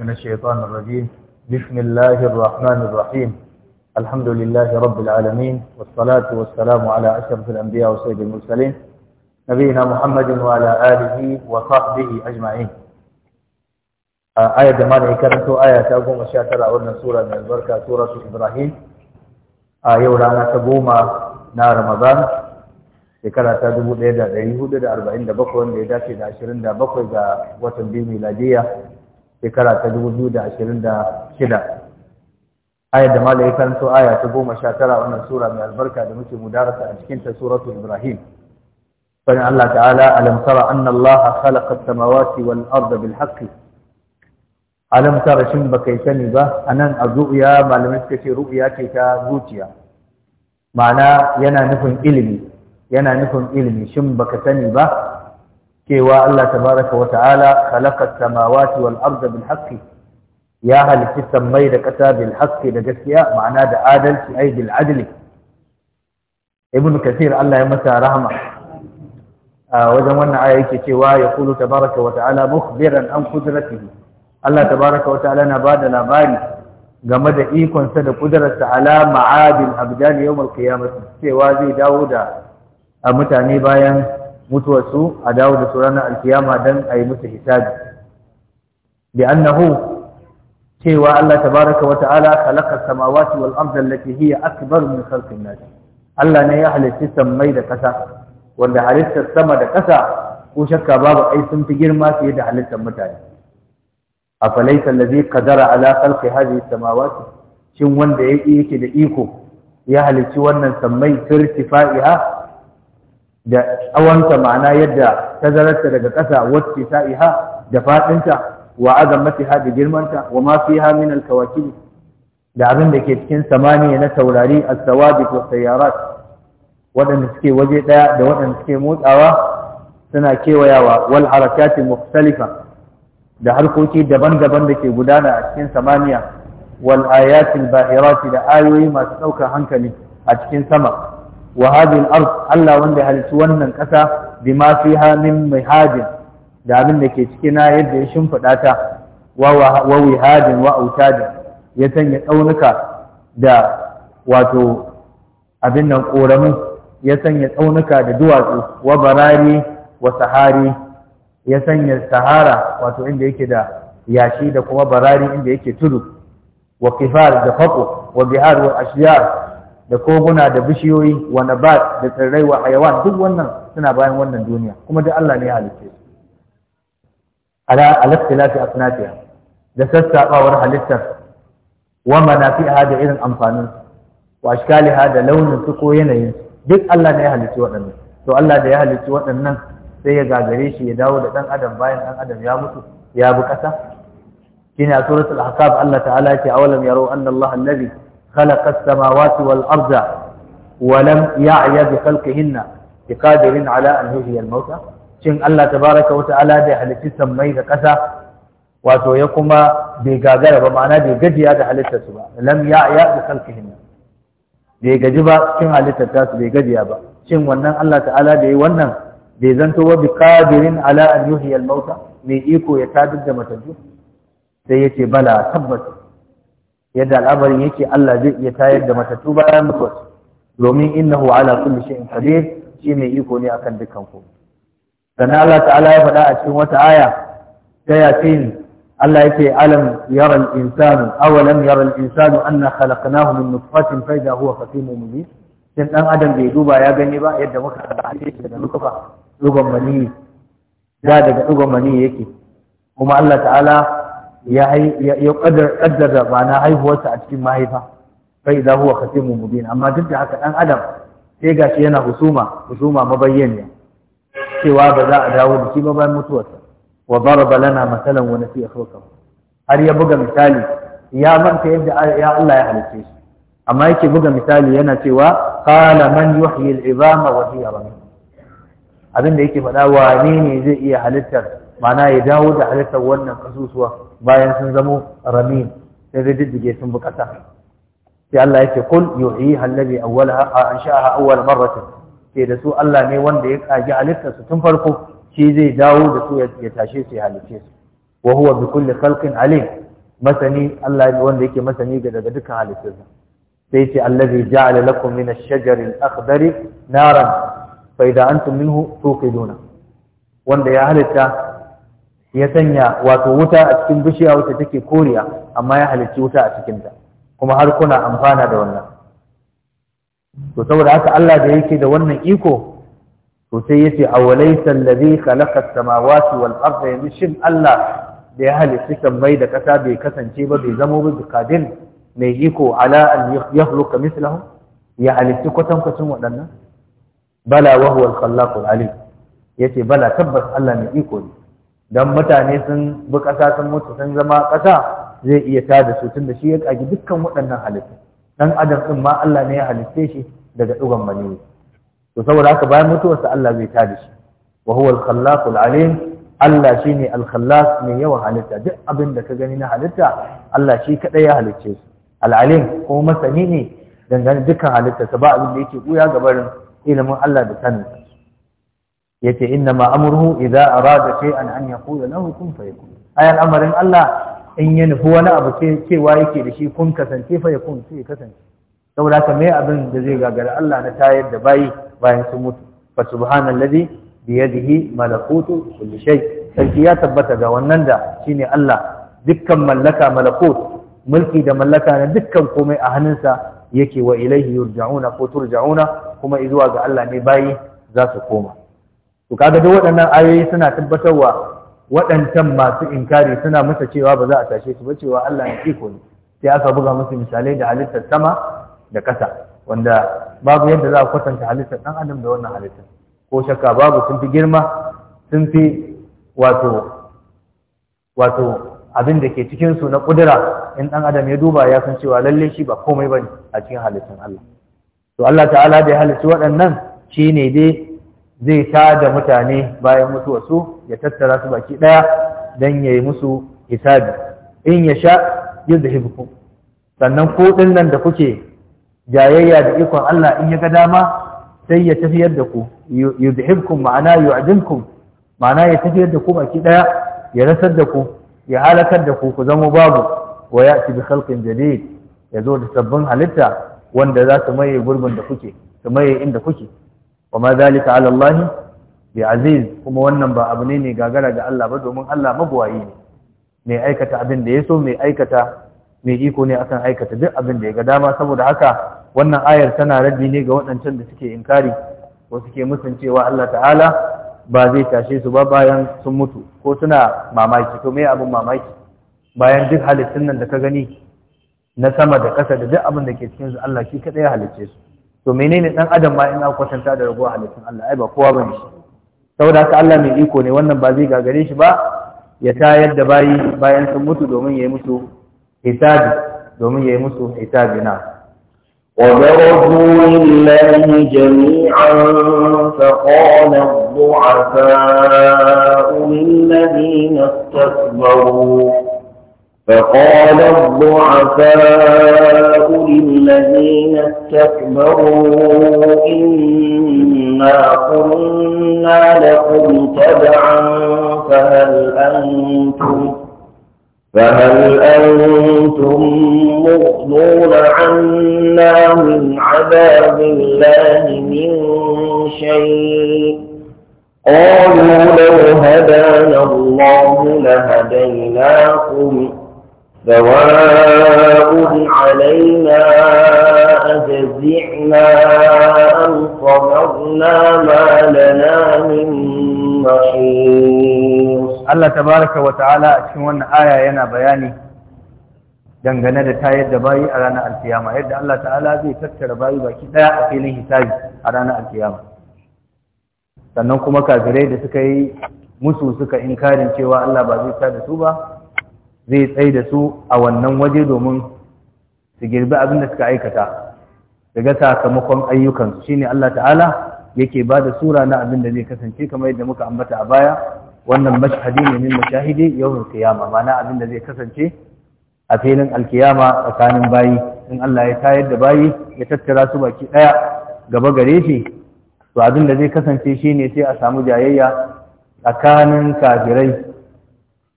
من الشيطان الرجيم بسم الله الرحمن الرحيم الحمد لله رب العالمين والصلاة والسلام على أشرف الأنبياء وسيد المرسلين نبينا محمد وعلى آله وصحبه أجمعين آه، آية دمان إكرمت آية تقوم الشاترة أولنا سورة من البركة سورة إبراهيم آية ورانا تبوما نار رمضان shekara ta dubu ɗaya da ɗari hudu da arba'in da bakwai wanda ya dace da ashirin ga watan biyu miladiya shekara ta 2026 ayar da malai karanto aya ta goma sha tara wannan sura mai albarka da muke mudarasa a cikin ta suratul ibrahim fadin Allah ta'ala alam tara anna Allah khalaqa as-samawati wal arda bil haqq alam tara shin bakai sani ba anan azuya malamai suka ce ru'ya ce ta zuciya ma'ana yana nufin ilimi yana nufin ilimi shin baka sani ba cewa Allah tabaraka wa ta'ala khalaqa samawati wal arda bil haqqi ya halitta sammai da kasa bil haqqi da gaskiya ma'ana da adalci ai bil adli ibn kathir Allah ya masa rahama wajen wannan aya yake cewa ya kulu tabaraka wa ta'ala mukhbiran an qudratihi Allah tabaraka wa ta'ala na bada labari game da ikonsa da kudararsa ala ma'adil abdal yawm al-qiyamah cewa zai dawo da mutane bayan mutuwarsu a dawo da su ranar alkiyama don a yi musu hisabi bi annahu cewa Allah tabaraka wa ta'ala khalaqa samawati wal arda allati hiya akbar min khalqin nas Allah ne ya halitta sammai da kasa wanda halittar sama da kasa ko shakka babu ai sun fi girma fiye da halittar mutane afalaysa allazi qadara ala khalqi hadhihi samawati shin wanda yake da iko ya halicci wannan sammai tirtifa'iha da tsawonta ma'ana yadda tazararta daga ƙasa wacce ta iha da faɗinta wa mafi da girmanta wa ma fiha min al-kawakib da abin da ke cikin samaniya na taurari as-sawabit wa sayyarat waɗanda suke waje ɗaya da waɗanda suke motsawa suna kewayawa wal harakati mukhtalifa da harkoki daban-daban da ke gudana a cikin samaniya wal ayatil bahirati da ayoyi masu ɗaukar hankali a cikin sama wa hadhihi al-ard Allah wanda halarci wannan kasa bima fiha min mihajin da abin da ke cikin na yadda ya shimfida ta wa wa wihadin wa autadin ya sanya tsaunuka da wato abin nan koramin ya sanya tsaunuka da duwatsu wa barari wa sahari ya sanya sahara wato inda yake da yashi da kuma barari inda yake tudu wa kifar da faqo wa bihar wa ashyar da koguna da bishiyoyi wa nabat da tsirrai wa hayawan duk wannan suna bayan wannan duniya kuma duk Allah ne ya halitta ala alaftilati asnatiha da sassaɓawar halittar wa manafi'a da irin amfanin wa ashkaliha da launin su ko yanayin duk Allah ne ya halitta waɗannan to Allah da ya halitta waɗannan sai ya gagare shi ya dawo da ɗan adam bayan ɗan adam ya mutu ya bi kasa shine a suratul ahqaf Allah ta'ala ce awalam yaro anna Allah allazi خلق السماوات والأرض ولم يعي بخلقهن بقادر على أن يحيي الموتى shin Allah tabaraka wa ta'ala da halitti sammai ƙasa wato ya kuma bai gagara ba ma'ana bai gajiya da halittar su ba lam ya ya da kalkihin bai gaji ba cikin halittar ta su bai gajiya ba shin wannan Allah ta'ala da yi wannan bai zanto wa biqadirin ala an mai iko ya tadir da sai yace bala tabbas yadda al'amarin yake Allah zai iya tayar da matattu bayan mutuwarsu domin innahu ala kulli shay'in qadir shi mai iko ne akan dukkan ku sannan Allah ta'ala ya faɗa a cikin wata aya ta yasin Allah yake alam yara al-insanu awalam yara al-insanu anna khalaqnahu min nutfatin fa idha huwa khatimun mubin shin dan adam bai duba ya gani ba yadda muka haɗe shi da nutfa duban mani da daga duban mani yake kuma Allah ta'ala ya kaddara ma'ana haihuwarsa a cikin mahaifa kai za huwa khatimun mubin amma duk da haka dan adam sai gashi yana husuma husuma mabayyaniya cewa ba za a dawo da shi ba bayan mutuwarsa wa daraba lana masalan wa nasiya khalqahu har ya buga misali ya manta yadda ya Allah ya halice shi amma yake buga misali yana cewa qala man yuhyi al-izama wa hiya ramim abinda yake faɗa wane ne zai iya halittar ma'ana ya dawo da halittar wannan kasusuwa bayan sun zamo ramin sai zai diddige sun bukata sai Allah yake kul yuhyi allazi awwalaha ansha'aha awwal marratin sai da su Allah ne wanda ya kaji halittar su tun farko shi zai dawo da su ya tashe su ya halice su wa huwa bi kulli khalqin alim masani Allah ne wanda yake masani ga daga dukkan halittun sai ce allazi ja'ala lakum min ash-shajari al-akhdari naran fa idza antum minhu tuqiduna wanda ya halitta ya sanya wato wuta a cikin bishiya wuta take koriya amma ya halicci wuta a cikinta kuma har kuna amfana da wannan to saboda haka Allah da yake da wannan iko to sai yace awalaysa allazi khalaqa as-samawati wal arda yamshin Allah da ya halicci sammai da kasa bai kasance ba bai zama ba bikadir mai iko ala an yakhluqa mithlahu ya halicci kwatankwacin waɗannan bala wa huwa al-khallaqu al-alim yace bala tabbas Allah ne iko ne don mutane sun bi ƙasa sun mutu sun zama ƙasa zai iya ta da su tun da shi ya ƙagi dukkan waɗannan halittu ɗan adam ɗin ma Allah ne ya halitte shi daga ɗigon maniyi to saboda haka bayan mutuwarsa Allah zai ta da shi wa huwa al-khallaqul alim Allah shine al-khallaq mai yawan halitta duk abin da ka gani na halitta Allah shi kaɗai ya halicce su al-alim kuma masani ne dangane dukkan halittarsa ba abin da yake buya gabarin ilimin Allah da sanin yace inna ma amruhu idza arada shay'an an yaqula lahu kun fayakun ayan amarin Allah in ya nufi wani abu cewa yake da shi kun kasance fa yakun sai kasance saboda haka me abin da zai gagara Allah na tayar da bayi bayan sun mutu fa subhanallazi bi yadihi malakutu kulli shay sarki ya tabbata ga wannan da shine Allah dukkan mallaka malakut mulki da mallaka na dukkan komai a hannunsa yake wa ilaihi yurja'una ko turja'una kuma izuwa ga Allah ne bayi za su koma to kaga duk waɗannan ayoyi suna tabbatarwa waɗancan masu inkari suna musa cewa ba za a tashe su ba cewa Allah ya iko ne sai aka buga musu misalai da halittar sama da ƙasa wanda babu yadda za a kwatanta halittar ɗan adam da wannan halittar ko shakka babu sun fi girma sun fi wato wato abin da ke cikin su na ƙudura in ɗan adam ya duba ya san cewa lalle shi ba komai ba a cikin halittun Allah to Allah ta'ala da ya halittu waɗannan shi ne dai zai ta da mutane bayan mutuwarsu su ya tattara su baki ɗaya don ya yi musu hisabi in ya sha da yuzhibukum sannan ko nan da kuke jayayya da ikon Allah in ya ga dama sai ya tafiyar da ku da yuzhibukum ma'ana yu'dimkum ma'ana ya tafiyar da ku baki ɗaya, ya rasar da ku ya halakar da ku ku zama babu wa ya ci bi jadid ya zo da sabbin halitta wanda za su maye gurbin da kuke su maye inda kuke wa ma zalika ala Allah bi kuma wannan ba abune ne gagara ga Allah ba domin Allah mabuwayi ne mai aikata abin da ya so mai aikata mai iko ne akan aikata duk abin da ya ga dama saboda haka wannan ayar tana raddi ne ga waɗancan da suke inkari ko suke musun cewa Allah ta'ala ba zai tashe su ba bayan sun mutu ko suna mamaki to me abin mamaki bayan duk halittun nan da ka gani na sama da ƙasa da duk abin da ke cikin su Allah shi kaɗai ya halicce su to menene dan adam ma in aka kwatanta da rabuwa halittun Allah ai ba kowa bane shi saboda haka Allah mai iko ne wannan ba zai gagare shi ba ya tayar da bayi bayan sun mutu domin yayi musu hisabi domin yayi musu hisabi na وبرزوا لله جميعا فقال الضعفاء للذين استكبروا فقال الضعفاء للذين استكبروا إنا كنا لكم تبعا فهل أنتم فهل أنتم مغنون عنا من عذاب الله من شيء قالوا لو هدانا الله لهديناكم سواء علينا أجزعنا أم صبرنا ما لنا من محيص الله تبارك وتعالى أشهر آية ينا بياني dangane da tayar da bayi a ranar alkiyama yadda Allah ta'ala zai tattara bayi baki daya a filin hisabi a ranar alkiyama sannan kuma kafirai da suka yi musu suka inkarin cewa Allah ba zai sa da su ba zai tsai da su a wannan waje domin su girbi abin da suka aikata daga sakamakon ayyukansu shine Allah ta'ala yake ba da sura na abin da zai kasance kamar yadda muka ambata a baya wannan mashhadi ne min mashahidi yawon kiyama mana abin da zai kasance a filin alkiyama tsakanin bayi in Allah ya tayar da bayi ya tattara su baki ɗaya gaba gare shi to abin da zai kasance shine sai a samu jayayya tsakanin kafirai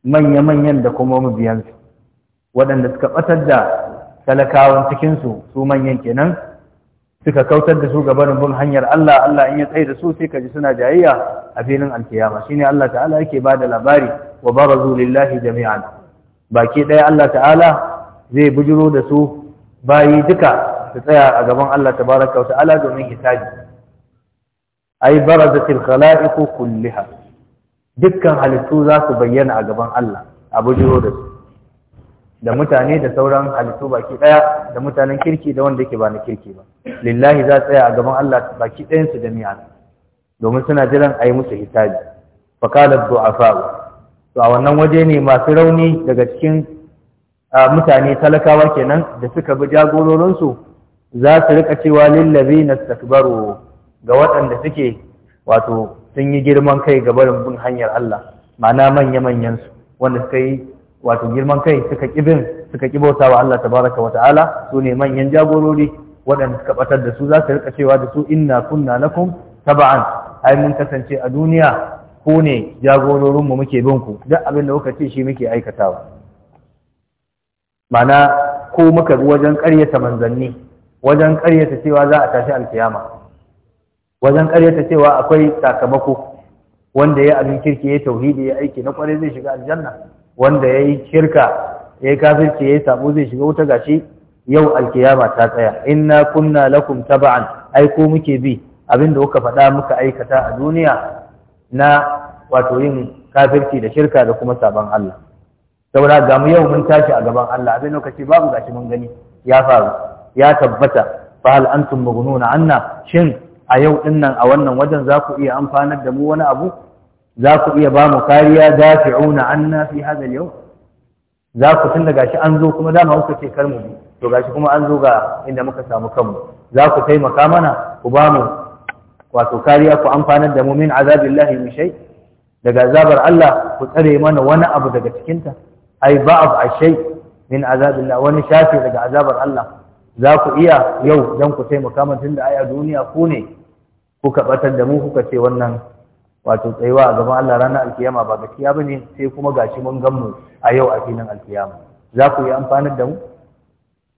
manya-manyan da kuma mabiyansu waɗanda suka ɓatar da talakawan cikinsu su manyan kenan suka kautar da su gabanin bin hanyar Allah Allah in ya tsaye da su sai ka ji suna jayayya a filin alkiyama shine Allah ta'ala yake ba da labari wa barazu lillahi jami'an baki ɗaya Allah ta'ala zai bujiro da su bayi duka su tsaya a gaban Allah tabaraka wa ta'ala domin hisabi ai barazatil khala'iqu kulliha dukkan halittu za su bayyana a gaban Allah a bujiro da su da mutane da sauran halittu baki daya da mutanen kirki da wanda yake ba na kirki ba lillahi za tsaya a gaban Allah baki ɗayan su jami'a domin suna jiran a yi musu hisabi a du'afa to a wannan waje ne masu rauni daga cikin mutane talakawa kenan da suka bi jagororinsu za su rika cewa lillabi na ga waɗanda suke wato sun yi girman kai ga barin bin hanyar Allah ma'ana manya-manyan su wanda suka yi wato girman kai suka kibin suka kibauta wa Allah tabaraka wa ta'ala su ne manyan jagorori waɗanda suka batar da su za su rika cewa da su inna kunna lakum taba'an ai mun kasance a duniya ku ne jagororin mu muke bin ku duk abin da kuka ce shi muke aikatawa ma'ana ko muka bi wajen ƙaryata manzanni wajen ƙaryata cewa za a tashi alkiyama wajen karyata cewa akwai sakamako wanda ya abin kirki ya tauhidi ya aiki na kwarai zai shiga aljanna wanda ya yi shirka ya yi kafirci ya yi sabo zai shiga wuta gashi yau alkiyama ta tsaya inna kunna lakum taba'an ai ko muke bi abin da kuka faɗa muka aikata a duniya na wato yin kafirci da shirka da kuma sabon Allah saboda ga mu yau mun tashi a gaban Allah abin lokaci babu gashi mun gani ya faru ya tabbata fa hal antum mughnuna anna shin a yau ɗin nan a wannan wajen za ku iya amfanar da mu wani abu za ku iya ba mu kariya dafi'una anna fi hadha al-yawm za ku tun da gashi an zo kuma dama kuka ce kar mu bi to gashi kuma an zo ga inda muka samu kanmu za ku taimaka mana ku ba mu wato kariya ku amfanar da mu min azabillahi min shay daga azabar Allah ku tsare mana wani abu daga cikin ta ai ba'd ashay min azabillah wani shafi daga azabar Allah za ku iya yau dan ku taimaka mana da ai a duniya ku ne kuka batar da mu kuka ce wannan wato tsayuwa a gaban Allah ranar alkiyama ba gaskiya ba ne sai kuma gashi mun gan mu a yau a filin alkiyama za ku yi amfani da mu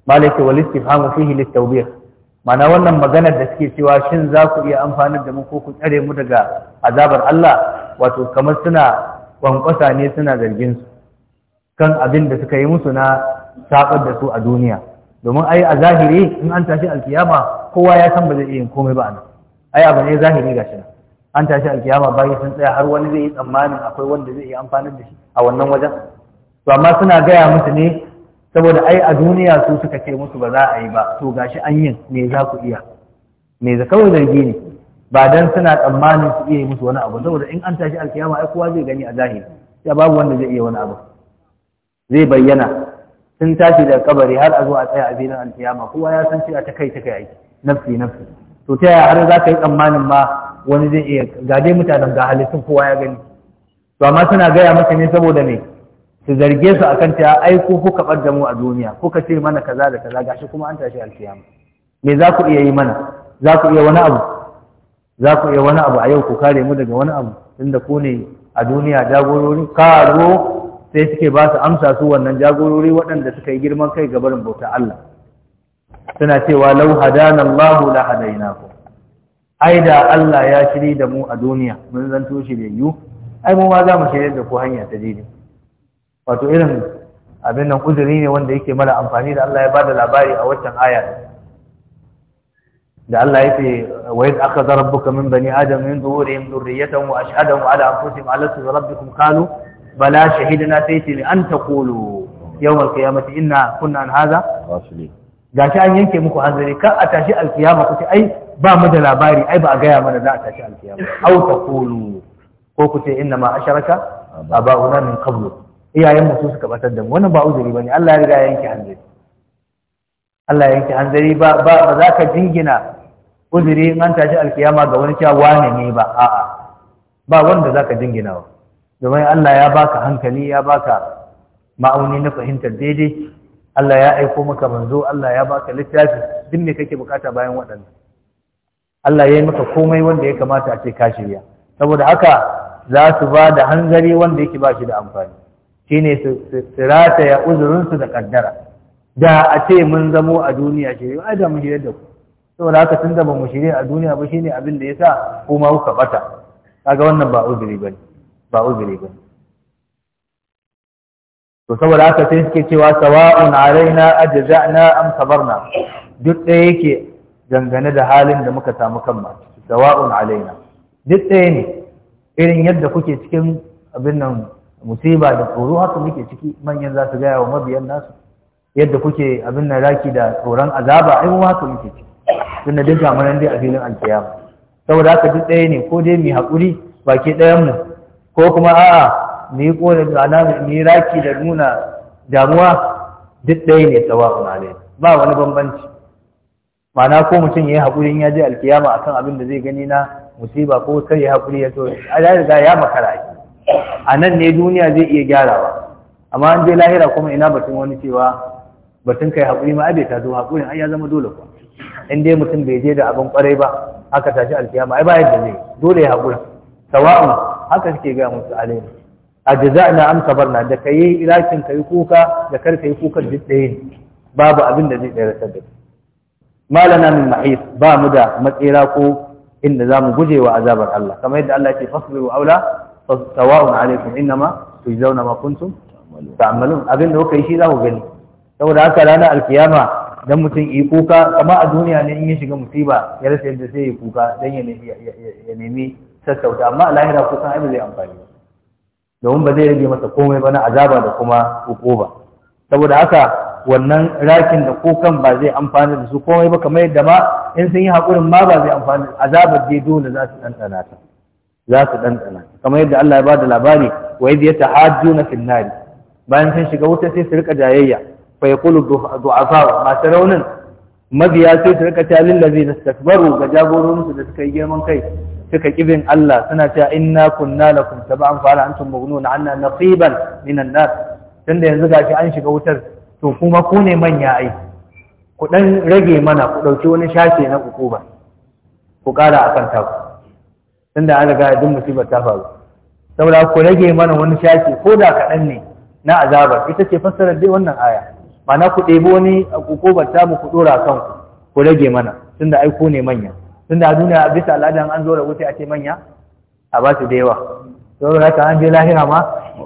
malaka wal istifhamu fihi litawbih mana wannan maganar da suke cewa shin za ku iya amfani da mu ko ku tsare mu daga azabar Allah wato kamar suna kwankwasa ne suna zargin su kan abin da suka yi musu na sabar da su a duniya domin ai a zahiri in an tashi alkiyama kowa ya san ba zai iya komai ba anan ai abu ne zahiri ga shi an tashi alkiyama bayi sun tsaya har wani zai yi tsammanin akwai wanda zai yi amfani da shi a wannan wajen to amma suna gaya musu ne saboda ai a duniya su suka ce musu ba za a yi ba to gashi an yin me za ku iya me za kawai zargi ne ba dan suna tsammanin su iya yi musu wani abu saboda in an tashi alkiyama ai kowa zai gani a zahiri ya babu wanda zai iya wani abu zai bayyana sun tashi daga kabari har a zo a tsaya a filin alkiyama kowa ya san cewa ta kai ta kai aiki nafsi nafsi to ta yaya har za ka yi tsammanin ma wani zai iya ga dai mutanen ga halittun kowa ya gani to amma suna gaya maka ne saboda me su zarge su akan ta ai ko kuka bar da mu a duniya kuka ce mana kaza da kaza gashi kuma an tashi alkiyama me za ku iya yi mana za ku iya wani abu za ku iya wani abu a yau ku kare mu daga wani abu tunda ku ne a duniya jagorori karo sai suke ba su amsa su wannan jagorori waɗanda suka yi girman kai ga bauta Allah suna cewa lau hadana Allahu la ku!" ai da Allah ya shiri da mu a duniya mun zanto shiryayyu ai mu ma za mu da ku hanya ta dini wato irin abin nan uzuri ne wanda yake mara amfani da Allah ya bada labari a waccan aya da Allah ya ce wa iz akhadha rabbuka min bani adam min zuhurihim dhurriyyatan wa ashhadahum ala anfusihim alastu rabbikum qalu bala shahidna sayti an taqulu yawm al-qiyamati inna kunna an hadha ghafilin gashi an yanke muku hanzari kan a tashi alkiyama ku ce ai ba mu da labari ai ba a gaya mana za a tashi alkiyama au kulu. ko ku ce inna ma asharaka aba'una min qablu iyayen mu su suka batar da mu wannan ba uzuri bane Allah ya riga yanke hanzari Allah ya yanke hanzari ba ba za ka jingina uzuri in an tashi alkiyama ga wani cewa wane ne ba a'a ba wanda za ka jingina ba domin Allah ya baka hankali ya baka ma'auni na fahimtar daidai Allah ya aiko maka manzo Allah ya baka littafi duk ne kake bukata bayan waɗannan Allah ya yi maka komai wanda ya kamata a ce ka shirya saboda haka za su ba da hanzari wanda yake ba shi da amfani Shi ne su rataya uzurinsu da kaddara da a ce mun zamo a duniya shirya ai da mu shirya da ku saboda haka tun da ba mu shirya a duniya ba shine abin da ya sa kuma kuka bata kaga wannan ba uzuri bane ba uzuri bane to saboda haka sai suke cewa sawa'un alaina ajza'na am sabarna duk ɗaya yake dangane da halin da muka samu kanmu sawa'un alaina duk ɗaya ne irin yadda kuke cikin abin nan musiba da tsoro haka muke ciki manyan za su gaya wa mabiyan nasu yadda kuke abin nan raki da tsoron azaba ai mu haka muke ciki tunda duk gamanan dai a filin alkiyama saboda haka duk ɗaya ne ko dai mu haƙuri baki ɗayan mu ko kuma a'a mu yi da alama mu raki da nuna damuwa duk ɗaya ne tsawon alai ba wani bambanci Mana ko mutum ya yi haƙuri ya je alkiyama akan abin da zai gani na musiba ko sai ya haƙuri ya tori a ya riga ya makara ake a nan ne duniya zai iya gyarawa amma an je lahira kuma ina batun wani cewa batun kai haƙuri ma abe ta zo haƙurin ai ya zama dole kuwa in dai mutum bai je da abin ƙwarai ba aka tashi alkiyama ai ba yadda zai dole ya haƙura sawa'un haka suke gaya musu alaini a ajza'na am sabarna da ka kai ilakin yi kuka da kar kai kuka duk ɗaya babu abin da zai tsere ta da malana min mahis ba mu da matsira ko inda za mu guje wa azabar Allah kamar yadda Allah yake fasbiru aula sawa'un alaikum innama tujzauna ma kuntum ta'malun abin da kuka yi shi za ku gani saboda haka ranar alkiyama dan mutum yi kuka kama a duniya ne in ya shiga musiba ya rasa yadda zai yi kuka dan ya nemi sassauta amma a lahira kuka ai ba zai amfani domin ba zai rage masa komai ba na azaba da kuma hukuma saboda haka wannan rakin da kukan ba zai amfani da su komai ba kamar yadda ma in sun yi haƙurin ma ba zai amfani azabar dai dole za su ɗanɗana ta za su ɗanɗana kamar yadda Allah ya ba da labari wa yadda ya ta'ajju na finnari bayan sun shiga wuta sai su rika jayayya fa yaqulu du'afa masu raunin mabiya sai su rika talin lazina stakbaru ga jagororinsu da suka yi girman kai suka kibin Allah suna cewa inna kunna lakum tab'an fa hal antum maghnun anna naqiban minan nas tunda yanzu gashi an shiga wutar to kuma ku ne manya ai ku dan rage mana ku dauki wani shafe na hukuma ku kara akan ta tunda an riga duk musibar ta faru saboda ku rage mana wani shafe ko da kaɗan ne na azabar ita ce fassarar dai wannan aya ma'ana ku ɗebi wani hukumar tamu ku ɗora kanku ku rage mana tunda ai ku ne manya tun da duniya bisa al'adan an zo da wuce a ce manya a ba su da yawa to da an je lahira ma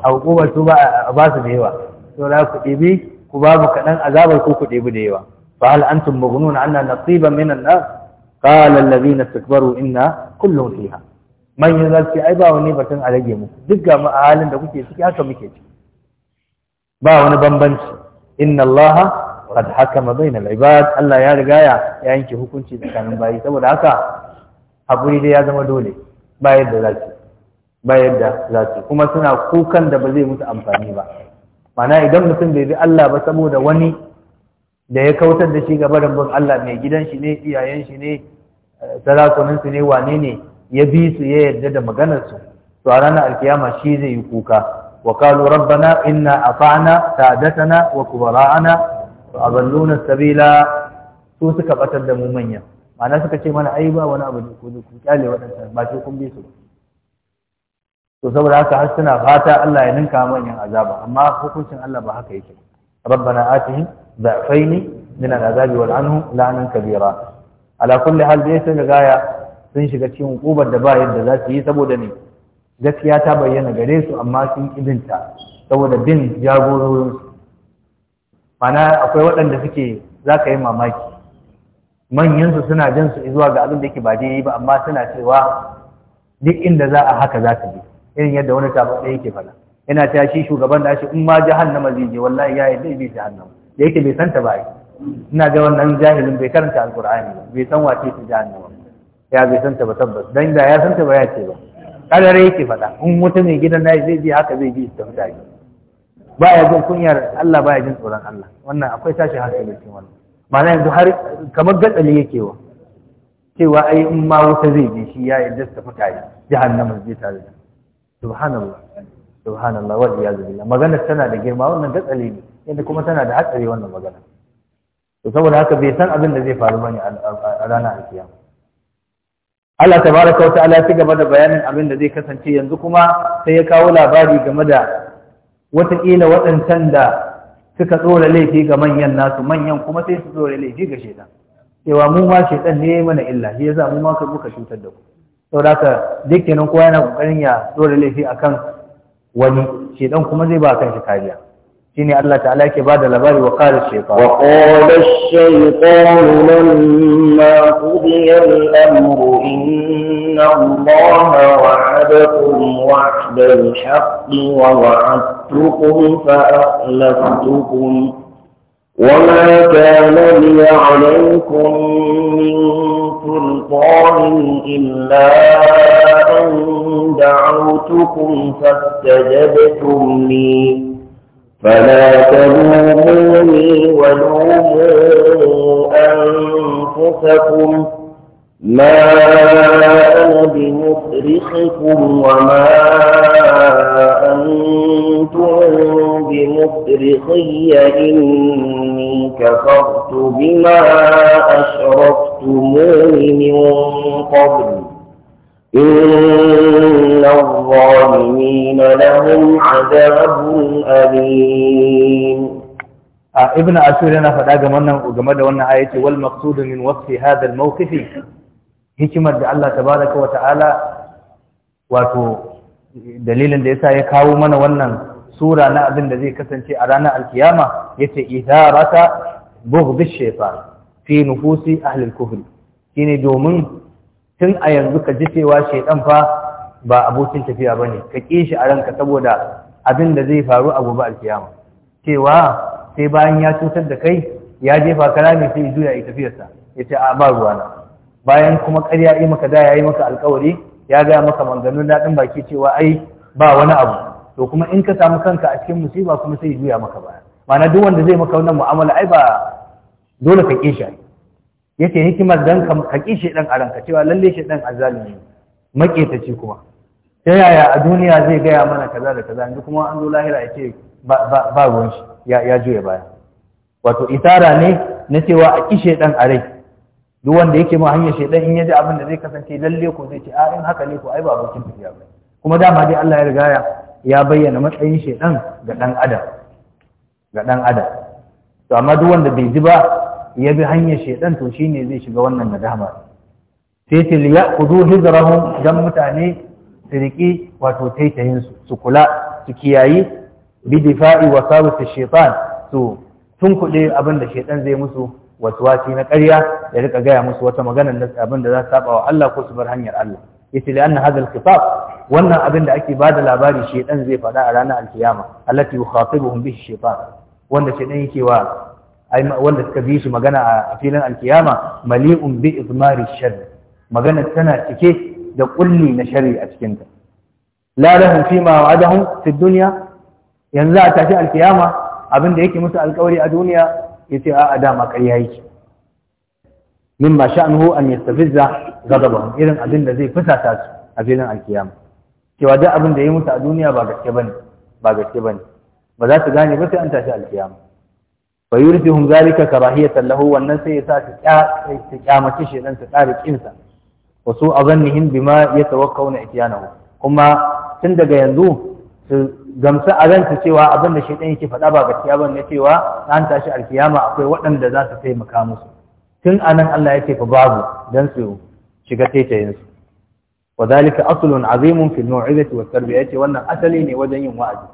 a hukumar su ba a ba su da yawa to ku ɗibi ku babu kaɗan azabar ku ku ɗibi da yawa fa hal antum mughnun anna nasiban min an-nar qala alladhina istakbaru inna kullum fiha man yuzalti ai ba wani batun a rage muku duk ga halin da kuke ciki haka muke ciki ba wani bambanci inna allaha qad hakama bainal ibad Allah ya riga ya yanke hukunci tsakanin bayi saboda haka hakuri dai ya zama dole ba yadda za su, ba yadda za su. kuma suna kukan da ba zai musu amfani ba mana idan mutum bai bi Allah ba saboda wani da ya kautar da shi gaba da ban Allah mai gidan shi ne iyayen shi ne sarakunan su ne wane ne ya bi su ya yarda da maganar su to a ranar alkiyama shi zai yi kuka وقالوا ربنا rabbana inna سادتنا sadatana To a fa'adalluna sabila su suka batar da mu manya ma'ana suka ce mana ai ba wani abu ko ku ku kyale waɗansa ba ce kun bi su to saboda haka har suna fata Allah ya ninka manyan azaba amma hukuncin Allah ba haka yake rabbana atihim dha'faini min al'azabi wal anhu la'anan kabira ala kulli hal dai sai gaya sun shiga cikin kubar da ba yadda za su yi saboda ne gaskiya ta bayyana gare su amma sun kidinta saboda bin jagororinsu mana akwai waɗanda suke za ka yi mamaki manyansu suna jin su zuwa ga abin da yake ba daidai ba amma suna cewa duk inda za a haka za ka je irin yadda wani tabo ɗaya yake faɗa yana ta shi shugaban da shi in ma jahannama zai je wallahi ya yi zai bi jahannama da yake bai santa ba ina ga wannan jahilin bai karanta alkur'ani ba bai san wace ce jahannama ya bai santa ba tabbas dan da ya santa ba ya ce ba kadare yake faɗa in mutumin mai gidan nashi zai je haka zai bi ta mutane baya jin kunyar Allah baya jin tsoron Allah wannan akwai tashi hankali cikin wannan ma'ana yanzu har kamar gatsali yake wa cewa ai in ma wuta zai je shi ya su tafi tare jahannama zai tare da subhanallah subhanallah wa iyad billah magana tana da girma wannan gatsali ne yadda kuma tana da hatsari wannan magana to saboda haka bai san abin da zai faru bane a ranar alkiyama Allah tabaraka wa ta'ala ya ci gaba da bayanin abin da zai kasance yanzu kuma sai ya kawo labari game da wataƙila waɗancan da suka tsora laifi ga manyan nasu manyan kuma sai su tsora laifi ga shaitan cewa mu ma shaitan ne mana illa shi yasa mu ma ka muka cutar da ku saboda haka dukkanin kowa yana kokarin ya tsora laifi akan wani shaitan kuma zai ba kan shi kariya shine Allah ta'ala yake bada labari wa qala shaytan wa qala ash-shaytanu lamma qudiya al-amru inna Allaha wa'adakum wa'da al-haqqi wa wa'adtukum fa akhlaftukum وما كان لي عليكم من سلطان إلا أن دعوتكم فاستجبتم لي فلا تلوموني ولوموا أنفسكم ما أنا بمصرخكم وما أنتم بمصرخي إني كفرت بما أشركتموني من قبل إن الظالمين لهم عذاب أليم ابن أسير أنا فداغ من جمد وانا آيتي والمقصود من وصف هذا الموقف هكما الله تبارك وتعالى واتو dalilin da yasa ya kawo mana wannan sura na abin da zai kasance a ranar alkiyama yace idharata bughd ash-shaytan fi nufusi domin tun a yanzu ka ji cewa shaidan fa ba abokin tafiya ba ne ka ƙi shi a ranka saboda abin da zai faru a gobe alkiyama cewa sai bayan ya cutar da kai ya jefa karami sai ya juya ya tafiyarsa ya ce a ba ruwana bayan kuma karya yi maka da ya yi maka alkawari ya gaya maka manganun daɗin baki cewa ai ba wani abu to kuma in ka samu kanka a cikin musiba kuma sai ya juya maka baya ma'ana duk wanda zai maka wannan mu'amala ai ba dole ka ƙi shi yace hikimar dan ka ki shi dan aran ka cewa lalle shi dan azzalimi maketaci kuma ta yaya a duniya zai gaya mana kaza da kaza yanzu kuma an zo lahira yace ba ba ruwan ya juya baya wato isara ne na cewa a kishe dan rai duk wanda yake ma hanyar shedan in yaji abin da zai kasance lalle ko zai ce a in haka ne ko ai ba abokin tafiya ba kuma dama dai Allah ya riga ya bayyana matsayin shaiɗan ga dan adam ga dan adam to amma duk wanda bai ji ba ya bi hanyar shaidan to shine zai shiga wannan nadama sai ya li ya'khudhu dan mutane su riki wato taitayin su su kula su kiyayi bi difa'i wa sawati shaitan tun kuɗe abin da shaidan zai musu waswasi na ƙarya ya rika gaya musu wata magana na abin da za su saba wa Allah ko su bar hanyar Allah yace li anna hadha al-khitab wannan abin da ake bada labari shaidan zai faɗa a ranar alkiyama allati yukhatibuhum bihi shaitan wanda shaidan yake wa ai wanda suka bi su magana a filin alkiyama mali'un bi izmari sharri magana tana cike da kulli na sharri a cikin ta la lahum fi ma wa'adahum fi dunya yanzu a tashi alkiyama abin da yake musu alkawari a duniya yace a'a dama ƙarya yake mimma sha'nuhu an yastafizza ghadabahum irin abin da zai fusata su a filin alkiyama cewa duk abin da ya musu a duniya ba gaske bane ba gaske bane ba za su gane ba sai an tashi alkiyama fa zalika karahiyatan lahu wannan sai ya sa ta kyamace shi dan ta tsare kinsa wa su azannihim bima yatawakkawna ityanahu kuma tun daga yanzu su gamsu a ranta cewa abin da shaidan yake faɗa ba gaskiya ba ne cewa an tashi alkiyama akwai waɗanda za su taimaka musu tun anan Allah yake fa babu dan su shiga taitayin su wa zalika aslun azimun fil mau'izati wat tarbiyati wannan asali ne wajen yin wa'azi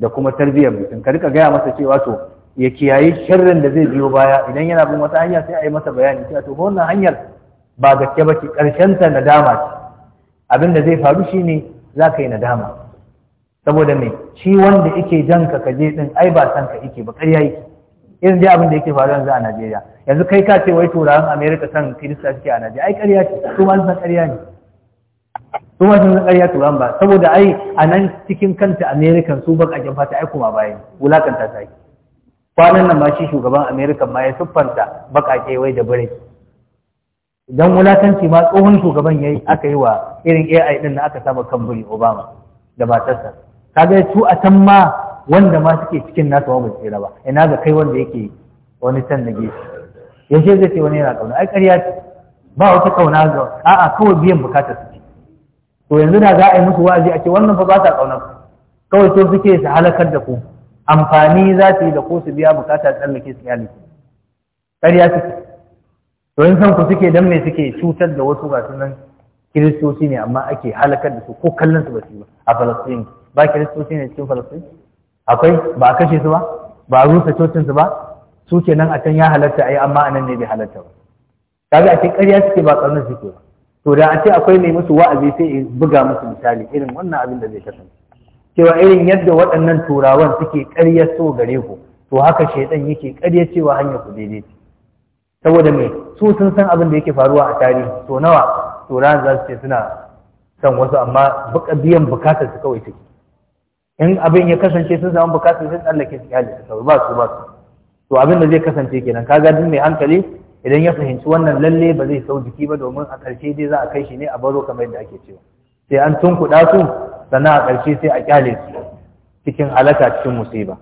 da kuma tarbiyyar mutum ka rika gaya masa cewa to ya kiyaye sharrin da zai biyo baya idan yana bin wata hanya sai a yi masa bayani sai to wannan hanyar ba ke ba ki karshen ta nadama ce abin da zai faru shi ne, za ka yi nadama saboda me shi wanda yake jan ka kaje din ai ba san ka yake ba ƙarya yake irin dai abin da yake faru yanzu a Najeriya yanzu kai ka ce wai turawan America san Kirista suke a Najeriya ai ƙarya ce su ma san ƙarya ne su ma san ƙarya turawan ba saboda ai a nan cikin kanta American su baƙaƙen fata ai kuma bayan wulakanta ta kwanan nan ma shi shugaban amerika ma ya siffanta bakake wai da bare idan wulatanci ma tsohon shugaban yi aka yi wa irin ai din da aka saba kan buri obama da matarsa ga su a can ma wanda ma suke cikin nasu ma tsira ba ina ga kai wanda yake wani can na gefe yaushe zai ce wani yana kauna ai ƙarya ce ba wata kauna ga a'a kawai biyan bukatar su ce to yanzu da za a yi musu wa'azi a ce wannan fa ba sa kauna kawai to suke su halakar da ku amfani za su yi da ko su biya bukata tsallake su kyale ƙarya suke to in san ku suke dan me suke cutar da wasu gasu nan kiristoci ne amma ake halakar da su ko kallon su ba su ba a falastin ba kiristoci ne cikin falastin akwai ba a kashe su ba ba a rusa cocin su ba su ke nan a can ya halatta yi amma a nan ne bai halatta ba kaga a ce ƙarya suke ba ƙarnar suke ba to da a ce akwai mai musu wa'azi sai buga musu misali irin wannan abin da zai kasance cewa irin yadda waɗannan turawan suke ƙarya so gare ku to haka shaidan yake ƙarya cewa hanya ku daidai saboda me su sun san abin da yake faruwa a tarihi to nawa turawan za su ce suna san wasu amma biyan bukatar su kawai take in abin ya kasance sun samu bukatar sun tsallake su kyale su kawai ba su ba su to abin da zai kasance kenan kaga duk mai hankali idan ya fahimci wannan lalle ba zai sau jiki ba domin a ƙarshe dai za a kai shi ne a baro kamar yadda ake cewa sai an tunkuɗa su sannan a ƙarshe sai a ƙyale su cikin alaka cikin musiba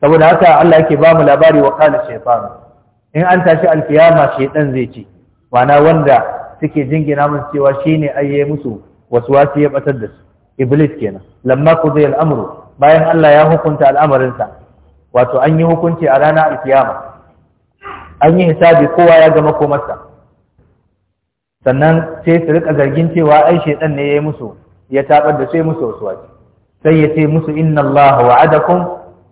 saboda haka Allah yake ba mu labari wa qala shaytan in an tashi alkiyama shaytan zai ci, wana wanda suke jingina mun cewa shine ayye musu wasu wasu ya batar da su iblis kenan lamma zai al-amru bayan Allah ya hukunta al'amarin sa wato an yi hukunci a ranar alkiyama an yi hisabi kowa ya gama komarsa sannan sai su rika zargin cewa ai shaytan ne ya yi musu ya tabar da sai musu waswasi sai ya ce musu inna Allah wa'adakum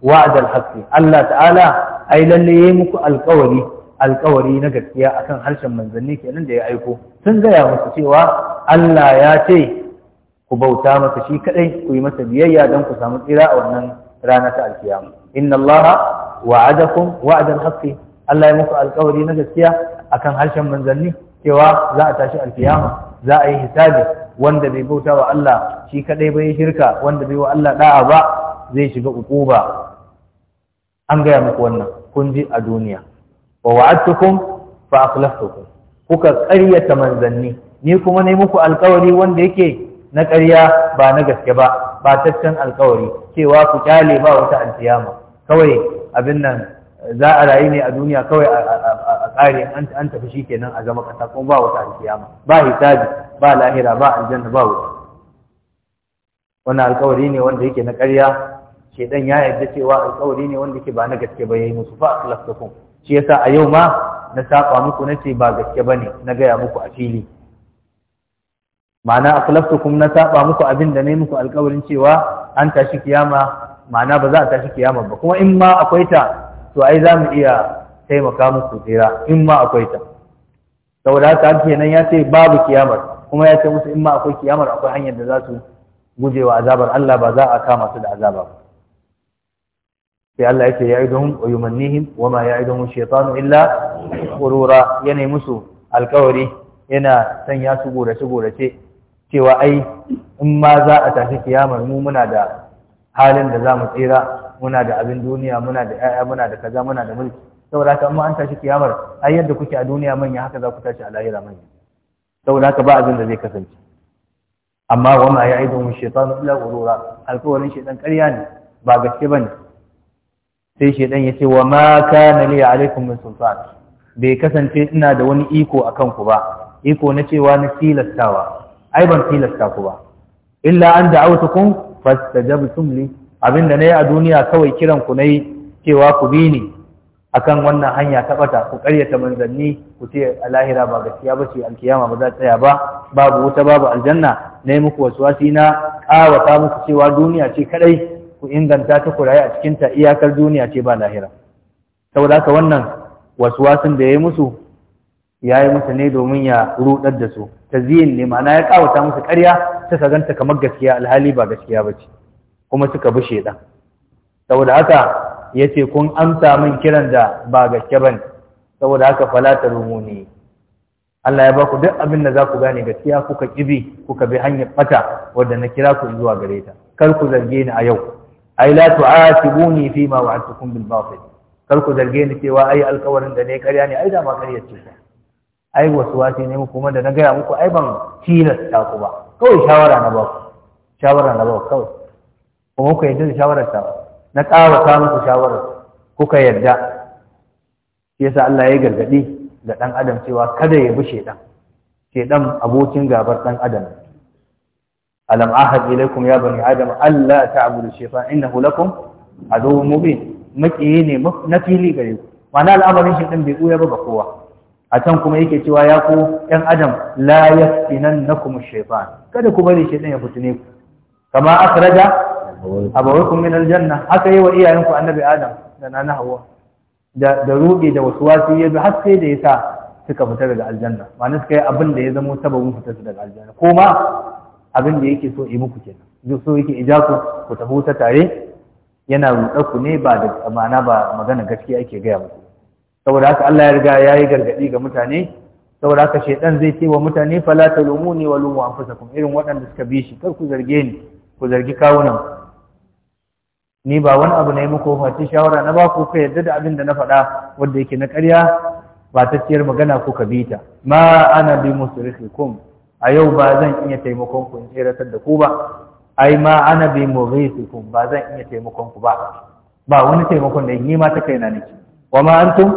wa'dal haqqi Allah ta'ala ai lalle yayi muku alƙawari alƙawari na gaskiya akan harshen manzanni kenan da ya aiko sun gaya musu cewa Allah ya ce ku bauta masa shi kadai ku yi masa biyayya don ku samu tsira a wannan rana ta alkiyama inna Allah wa'adakum wa'dal haqqi Allah ya muku alƙawari na gaskiya akan harshen manzanni cewa za a tashi alkiyama za a yi hisabi wanda bai bauta wa Allah shi kadai bai shirka wanda bai wa Allah da'a ba zai shiga ukuba an gaya muku wannan kun ji a duniya wa wa'adtukum fa akhlaftukum kuka ƙaryata manzanni ni kuma ne muku alƙawari wanda yake na ƙarya ba na gaske ba ba taccen alƙawari cewa ku kyale ba wata alkiyama kawai abin nan za a rayu ne a duniya kawai a ƙare an tafi shi kenan a zama ƙasa kuma ba wata alkiyama ba hisabi ba lahira ba aljanna ba wuta wannan alkawari ne wanda yake na ƙarya shedan ya yarda cewa alkawari ne wanda yake ba na gaske ba yayi musu fa akhlaqtukum shi yasa a yau ma na saba muku na ce ba gaske bane na gaya muku a fili ma'ana akhlaqtukum na saba muku abin da nayi muku alkawarin cewa an tashi kiyama ma'ana ba za a tashi kiyama ba kuma in ma akwai ta to ai za mu iya taimaka musu tsira in ma akwai ta saboda haka nan ya ce babu kiyamar kuma ya ce musu in ma akwai kiyamar akwai hanyar da za su guje wa azabar Allah ba za a kama su da azaba ba sai Allah ya ce ya'iduhum yumannihim wa ma ya'iduhum shaytanu illa ghurura yana musu alkawari yana sanya su gorace-gorace cewa ai in ma za a tashi kiyamar mu muna da halin da za mu tsira muna da abin duniya muna da ƴaƴa muna da kaza muna da mulki saboda haka amma an tashi kiyamar ai yadda kuke a duniya manya haka za ku tashi a lahira manya saboda haka ba abin da zai kasance amma wa ma min shaytanu illa ghurura alƙawarin shaytan ƙarya ne ba gaske bane sai ya yace wa ma kana li alaikum min sultan bai kasance ina da wani iko akan ku ba iko na cewa na tilastawa ai ban tilasta ku ba illa an da'awtukum fastajabtum li abin da na yi a duniya kawai kiran ku na yi cewa ku bi ni akan wannan hanya ta bata ku karyata manzanni ku ce a lahira ba gaskiya ba ce alkiyama ba za ta tsaya ba babu wuta babu aljanna na yi muku wasu wasi na ƙawata muku cewa duniya ce kadai ku inganta ta ku rayu a cikin ta iyakar duniya ce ba lahira saboda haka wannan wasu wasin da ya yi musu ya yi musu ne domin ya ruɗar da su ta ziyin ne ma'ana ya ƙawata musu karya ta saganta kamar gaskiya alhali ba gaskiya ba ce kuma suka bi shedan saboda haka yace kun amsa min kiran da ba gaske bane saboda haka fala ne. Allah ya baku duk abin da zaku gane gaskiya kuka kibi kuka bi hanyar fata wanda na kira ku zuwa gare ta kar ku zarge ni a yau ai la tu'atibuni fi ma wa'adtukum bil batil kar ku zarge ni cewa ai alkawarin da ne karya ne ai da ma karya ce ai wasu wasi ne kuma da na gaya muku ai ban tilasta ku ba kawai shawara na ba ku shawara na ba ku kawai kuma ku yadda da shawararsa na ƙawata musu shawarar kuka yarda shi yasa Allah ya gargadi da ɗan adam cewa kada ya bi shaidan shaidan abokin gabar ɗan adam alam ahad ilaikum ya bani adam Allah ta'budu shaytan innahu lakum aduwwun mubin makiyi ne na fili gare ku ma'ana al'amarin shaidan bai ɓuya ba ga kowa a can kuma yake cewa ya ku ɗan adam la yaftinannakum shaytan kada ku bari shaidan ya fitine ku kama akhraja abawaikum min aljanna haka yi wa iyayenku annabi adam da nana hawa da da rubi da ya bi haske sai da sa suka fita daga aljanna ma'ana suka yi abin da ya zama sababin fitar su daga aljanna ko ma abin da yake so yi muku kenan duk so yake ija ku ku tafi wuta tare yana rudar ku ne ba da amana ba magana gaskiya ake gaya muku saboda haka Allah ya riga ya yi gargadi ga mutane saboda haka shedan zai ce wa mutane fala talumuni wa lumu anfusakum irin waɗanda suka bi shi kar ku zarge ni ku zargi kawunan ni ba wani abu na yi muku face shawara na ba ku ka yadda da abin da na faɗa wanda yake na ƙarya ba ta ciyar magana ku ka bi ta ma ana bi musrikum a yau ba zan iya taimakon ku in tseratar da ku ba ai ma ana bi mughithukum ba zan iya taimakon ku ba ba wani taimakon da ni ma ta kaina nake wa ma antum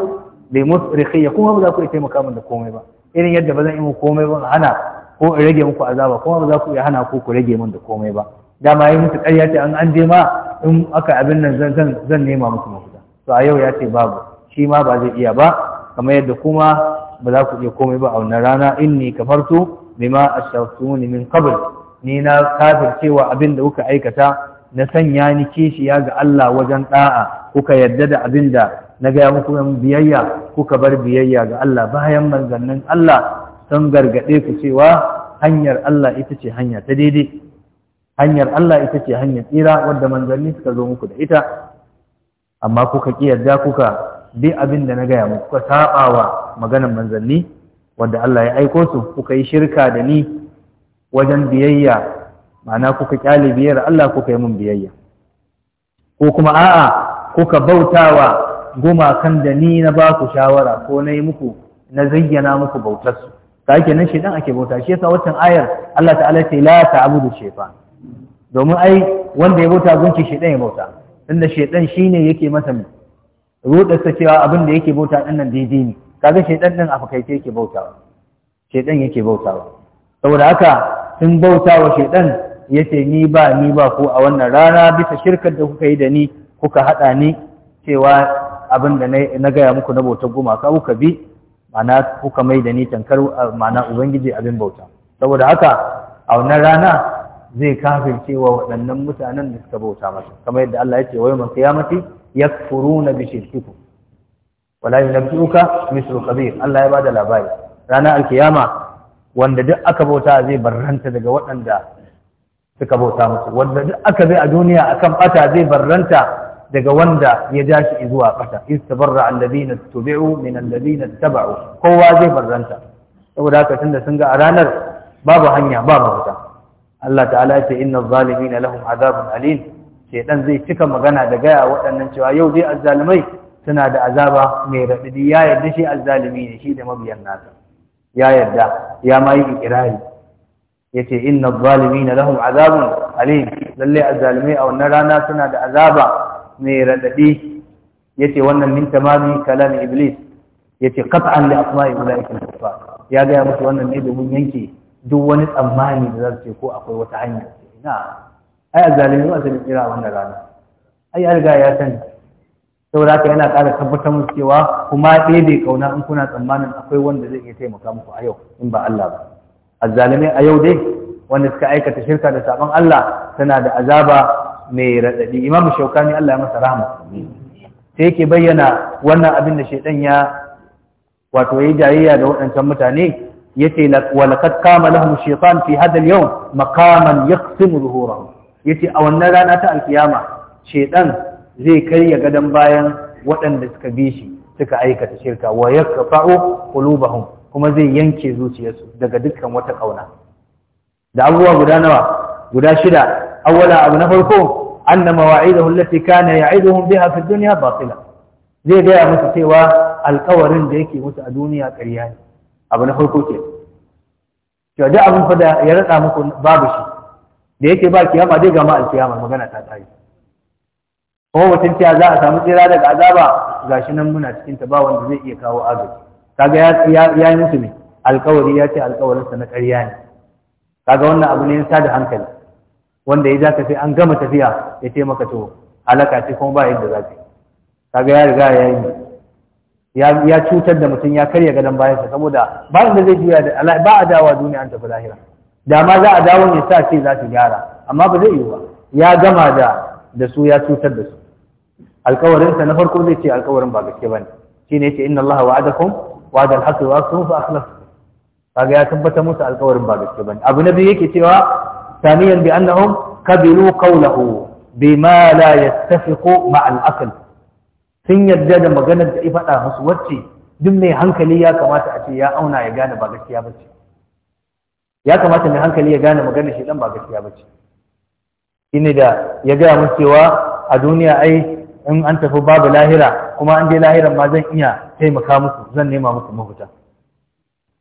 bi musrikhiya kuma ba za ku iya taimaka min da komai ba irin yadda ba zan yi muku komai ba hana ko in rage muku azaba kuma ba za ku iya hana ku ku rage min da komai ba dama yi musu ƙarya ce an anjima? je ma in aka abin nan zan zan nema musu mafita to a yau ya ce babu shi ma ba zai iya ba kamar yadda kuma ba za ku iya komai ba a wannan rana inni kafartu bima ashawtuni min qabl ni na kafircewa abin da kuka aikata na sanya ni kishiya ga Allah wajen da'a kuka yadda da abin da na gaya muku yan biyayya kuka bar biyayya ga Allah bayan manzannin Allah sun gargaɗe ku cewa hanyar Allah ita ce hanya ta daidai hanyar Allah ita ce hanyar tsira wadda manzanni suka zo muku da ita amma kuka ki yarda kuka bi abin da na gaya muku kuka saba wa maganar manzanni wadda Allah ya aiko su kuka yi shirka da ni wajen biyayya ma'ana kuka ƙyale biyar Allah kuka yi mun biyayya ko kuma a'a kuka bautawa gumakan da ni na ba ku shawara ko na yi muku na zayyana muku bautarsu ta ake nan shedan ake bauta shi yasa watan ayar Allah ta'ala ce la ta'budu shaytan domin ai wanda ya bauta gunki ɗan ya bauta Inda ɗan shi ne yake masa mai rudarsa cewa abin da yake bauta ɗan nan daidai ne kaga ɗan din a fakaice yake bautawa ɗan yake bautawa saboda haka sun bautawa ya yace ni ba ni ba ku, a wannan rana bisa shirkar da kuka yi da ni kuka haɗa ni cewa abin da na gaya muku na bautar gumaka kuka bi mana kuka mai da ni tankar mana ubangiji abin bauta saboda haka a wannan rana zai kafirce waɗannan mutanen da suka bauta masa kamar yadda Allah ya ce wa yawmal ya yakfuruna bi shirkikum wala yunabbi'uka mislu khabir Allah ya bada labari ranar alkiyama wanda duk aka bauta zai barranta daga waɗanda suka bauta masa, wanda duk aka bi a duniya akan bata zai barranta daga wanda ya dashi zuwa bata istabarra alladhina tubi'u min alladhina tabau kowa zai barranta saboda haka tunda sun ga a ranar babu hanya babu mafita Allah ta'ala ya ce innal zalimin lahum azabun alim shedan zai cika magana da gaya waɗannan cewa yau dai azzalimai suna da azaba mai raɗaɗi ya yarda shi azzalimi ne shi da mabiyan nasa ya yarda ya ma yi ikirari ya ce inna zalimina lahum azabun alim lalle azzalimai a wannan rana suna da azaba mai raɗaɗi ya ce wannan min tamami kalam iblis ya ce qat'an li asma'i ulaika al ya ga musu wannan ne domin yanke duk wani tsammani da za su ce ko akwai wata hanya na ai azalimi ba su kira wannan rana ai alga riga ya sani saboda haka yana ƙara tabbatar musu cewa kuma ɗaya bai kauna in kuna tsammanin akwai wanda zai iya taimaka muku a yau in ba Allah ba azalimi a yau dai wanda suka aikata shirka da sabon Allah tana da azaba mai raɗaɗi imamu shaukani Allah ya masa rahama sai yake bayyana wannan abin da shaidan ya wato yayi jayayya da waɗancan mutane yace walaqad qama lahum shaytan fi hadha al-yawm maqaman yaqsimu zuhurahum yace a wannan rana ta alkiyama shaytan zai karya gadan bayan waɗanda suka bi shi suka aikata shirka wa yaqta'u qulubahum kuma zai yanke zuciyarsu daga dukkan wata kauna da abubuwa guda nawa guda shida awwala abu na farko anna mawa'idahu allati kana ya'iduhum biha fi ad-dunya batila zai gaya musu cewa alƙawarin da yake musu a duniya ƙarya ne abu na farko ke to da abin fa da ya rada muku babu shi da yake ba kiyama dai ga ma alkiyama magana ta tsari ko mutum ta za a samu tsira daga azaba gashi nan muna cikin ta ba wanda zai iya kawo agaji kaga ya ya yi musu alkawari ya ce sa na karya ne kaga wannan abu ne ya da hankali wanda ya zaka sai an gama tafiya ya taimaka maka to halaka ce kuma ba yadda za ka kaga ya riga ya yi ya cutar da mutum ya karya gadon bayansa saboda ba da zai juya da ba a dawa duniya an tafi lahira da ma za a dawo ne sa ce za su gyara amma ba zai yi ba ya gama da da su ya cutar da su alkawarinsa na farko zai ce alkawarin ba gaske bane shine yace inna allaha wa'adakum wa'ada al-haqqi wa wa'adakum fa akhlaf kaga ya tabbata musu alkawarin ba gaske bane abu na biyu yake cewa ثانيا بانهم قبلوا قوله بما لا ko ma'al العقل sun yarda da maganar da faɗa musu wacce duk mai hankali ya kamata a ce ya auna ya gane ba gaskiya ba ce ya kamata mai hankali ya gane maganar shi dan ba gaskiya ba ce shine da ya gaya musu cewa a duniya ai in an tafi babu lahira kuma an je lahiran ma zan iya taimaka musu zan nema musu mafita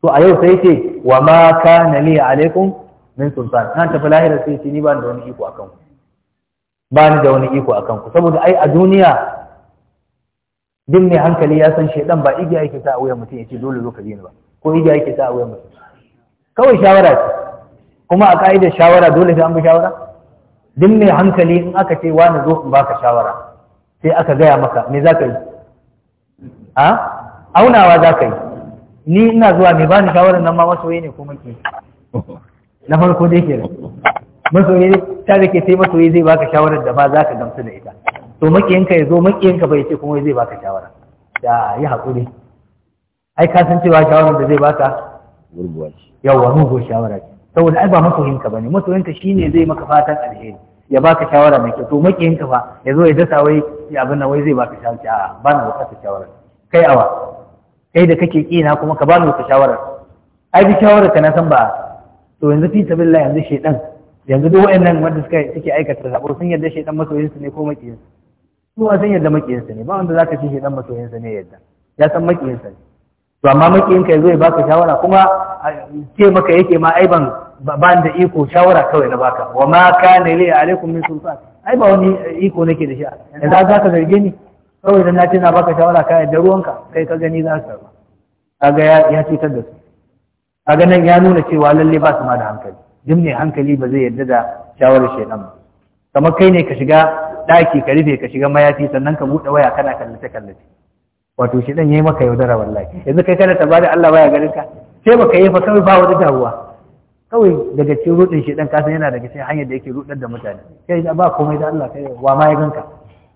to a yau sai ce wa ma kana li alaikum min sultan kan tafi lahira sai ce ni ba ni da wani iko akan ku ba ni da wani iko akan ku saboda ai a duniya duk mai hankali ya san shaidan ba igiya yake sa a wuyan mutum ya ce dole zo ka ni ba ko igiya yake sa a wuyan mutum kawai shawara ce kuma a ka'idar shawara dole sai an bi shawara duk mai hankali in aka ce wani zo in baka shawara sai aka gaya maka me za ka yi a aunawa za ka yi ni ina zuwa mai bani shawarar nan ma masoyi ne ko maki na farko dai kenan masoyi ta da ke sai masoyi zai baka shawarar da ba za ka gamsu da ita to makiyanka ya zo makiyanka bai ce kuma zai baka shawara da yi haƙuri ai ka san cewa shawarar da zai baka gurguwa ce yawa mugu shawara ce saboda ai ba masoyinka bane masoyinka shine zai maka fatan alheri ya baka shawara mai kyau to makiyanka fa ya zo ya dasa wai ya abin nan wai zai baka shawara a ba na bukatar shawara kai awa kai da kake kina kuma ka ba ni wata shawara ai bi shawara ka na san ba to yanzu fi sabilillah yanzu shedan yanzu duk wa'annan wanda suke aikata zabo sun yarda shedan masoyinsu ne ko makiyansu su ma sun yadda makiyinsa ne ba wanda zaka ce shi dan masoyinsa ne yadda ya san makiyinsa ne to amma makiyinka yazo ya baka shawara kuma ce maka yake ma ai ban ba da iko shawara kawai na baka wa ma kana li alaikum min sultan ai ba wani iko nake da shi yanzu za ka zarge ni kawai dan na ce na baka shawara ka yadda ruwanka kai ka gani za ka kaga ya cutar da su kaga nan ya nuna cewa lalle ba su ma da hankali duk hankali ba zai yarda da shawarar shedan ba kamar kai ne ka shiga ɗaki ka rufe ka shiga mayafi sannan ka buɗe waya kana kallace kallace wato shi dan yayi maka yaudara wallahi yanzu kai kana tabari Allah baya ganin ka sai baka yi fa kawai ba wani dawowa kawai daga cikin rudin shi dan kasan yana daga cikin hanyar da yake rudar da mutane kai ba komai da Allah kai wa ma ya ganka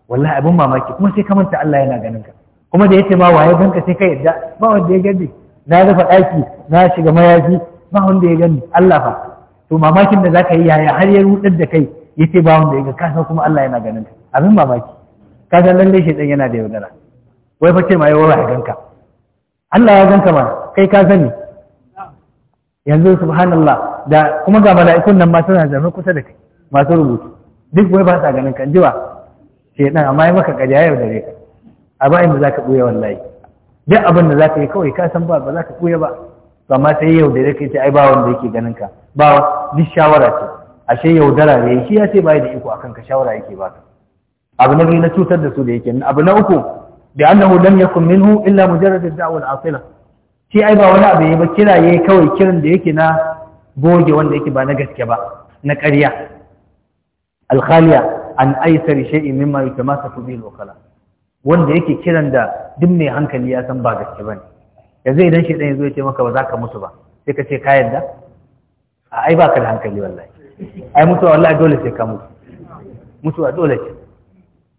wallahi abin mamaki kuma sai ka manta Allah yana ganin ka kuma da yace ma wa ya ganka sai ka yadda ba wanda ya gani na rufe ɗaki na shiga mayafi ba wanda ya gani Allah fa to mamakin da zaka yi yaya har ya rudar da kai ya ce ba wanda ya ga kuma Allah yana ganin abin mamaki lalle lallai dan yana da yaudara wai fa ce ma ya ganka Allah ya ganka ma kai ka sani yanzu subhanallah da kuma ga mala'ikun nan ma suna zama kusa da kai masu rubutu duk wai ba sa ganin kan jiwa dan amma ya maka kaji ya yaudare ka a ba'in da zaka buya wallahi duk abin da zaka yi kawai ka san ba ba zaka buya ba amma sai yaudare ka ce ai ba wanda yake ganin ka ba duk shawara ce ashe yaudara ne shi ya ce bai da iko akan ka shawara yake baka abu na biyu na cutar da su da yake abu na uku bi annahu lam yakun minhu illa mujarrad ad-da'wa al-asila shi ai ba wani abu ne ba kira yayi kawai kiran da yake na goge wanda yake ba na gaske ba na ƙarya al-khaliya an aisar shay'in mimma yatamassaku bihi al-wakala wanda yake kiran da duk mai hankali ya san ba gaske ba ne yanzu idan shi dan yazo ya ce maka ba za ka mutu ba sai ka ce ka yarda a ai ba ka da hankali wallahi ai mutuwa wallahi dole sai ka mutu mutuwa dole ce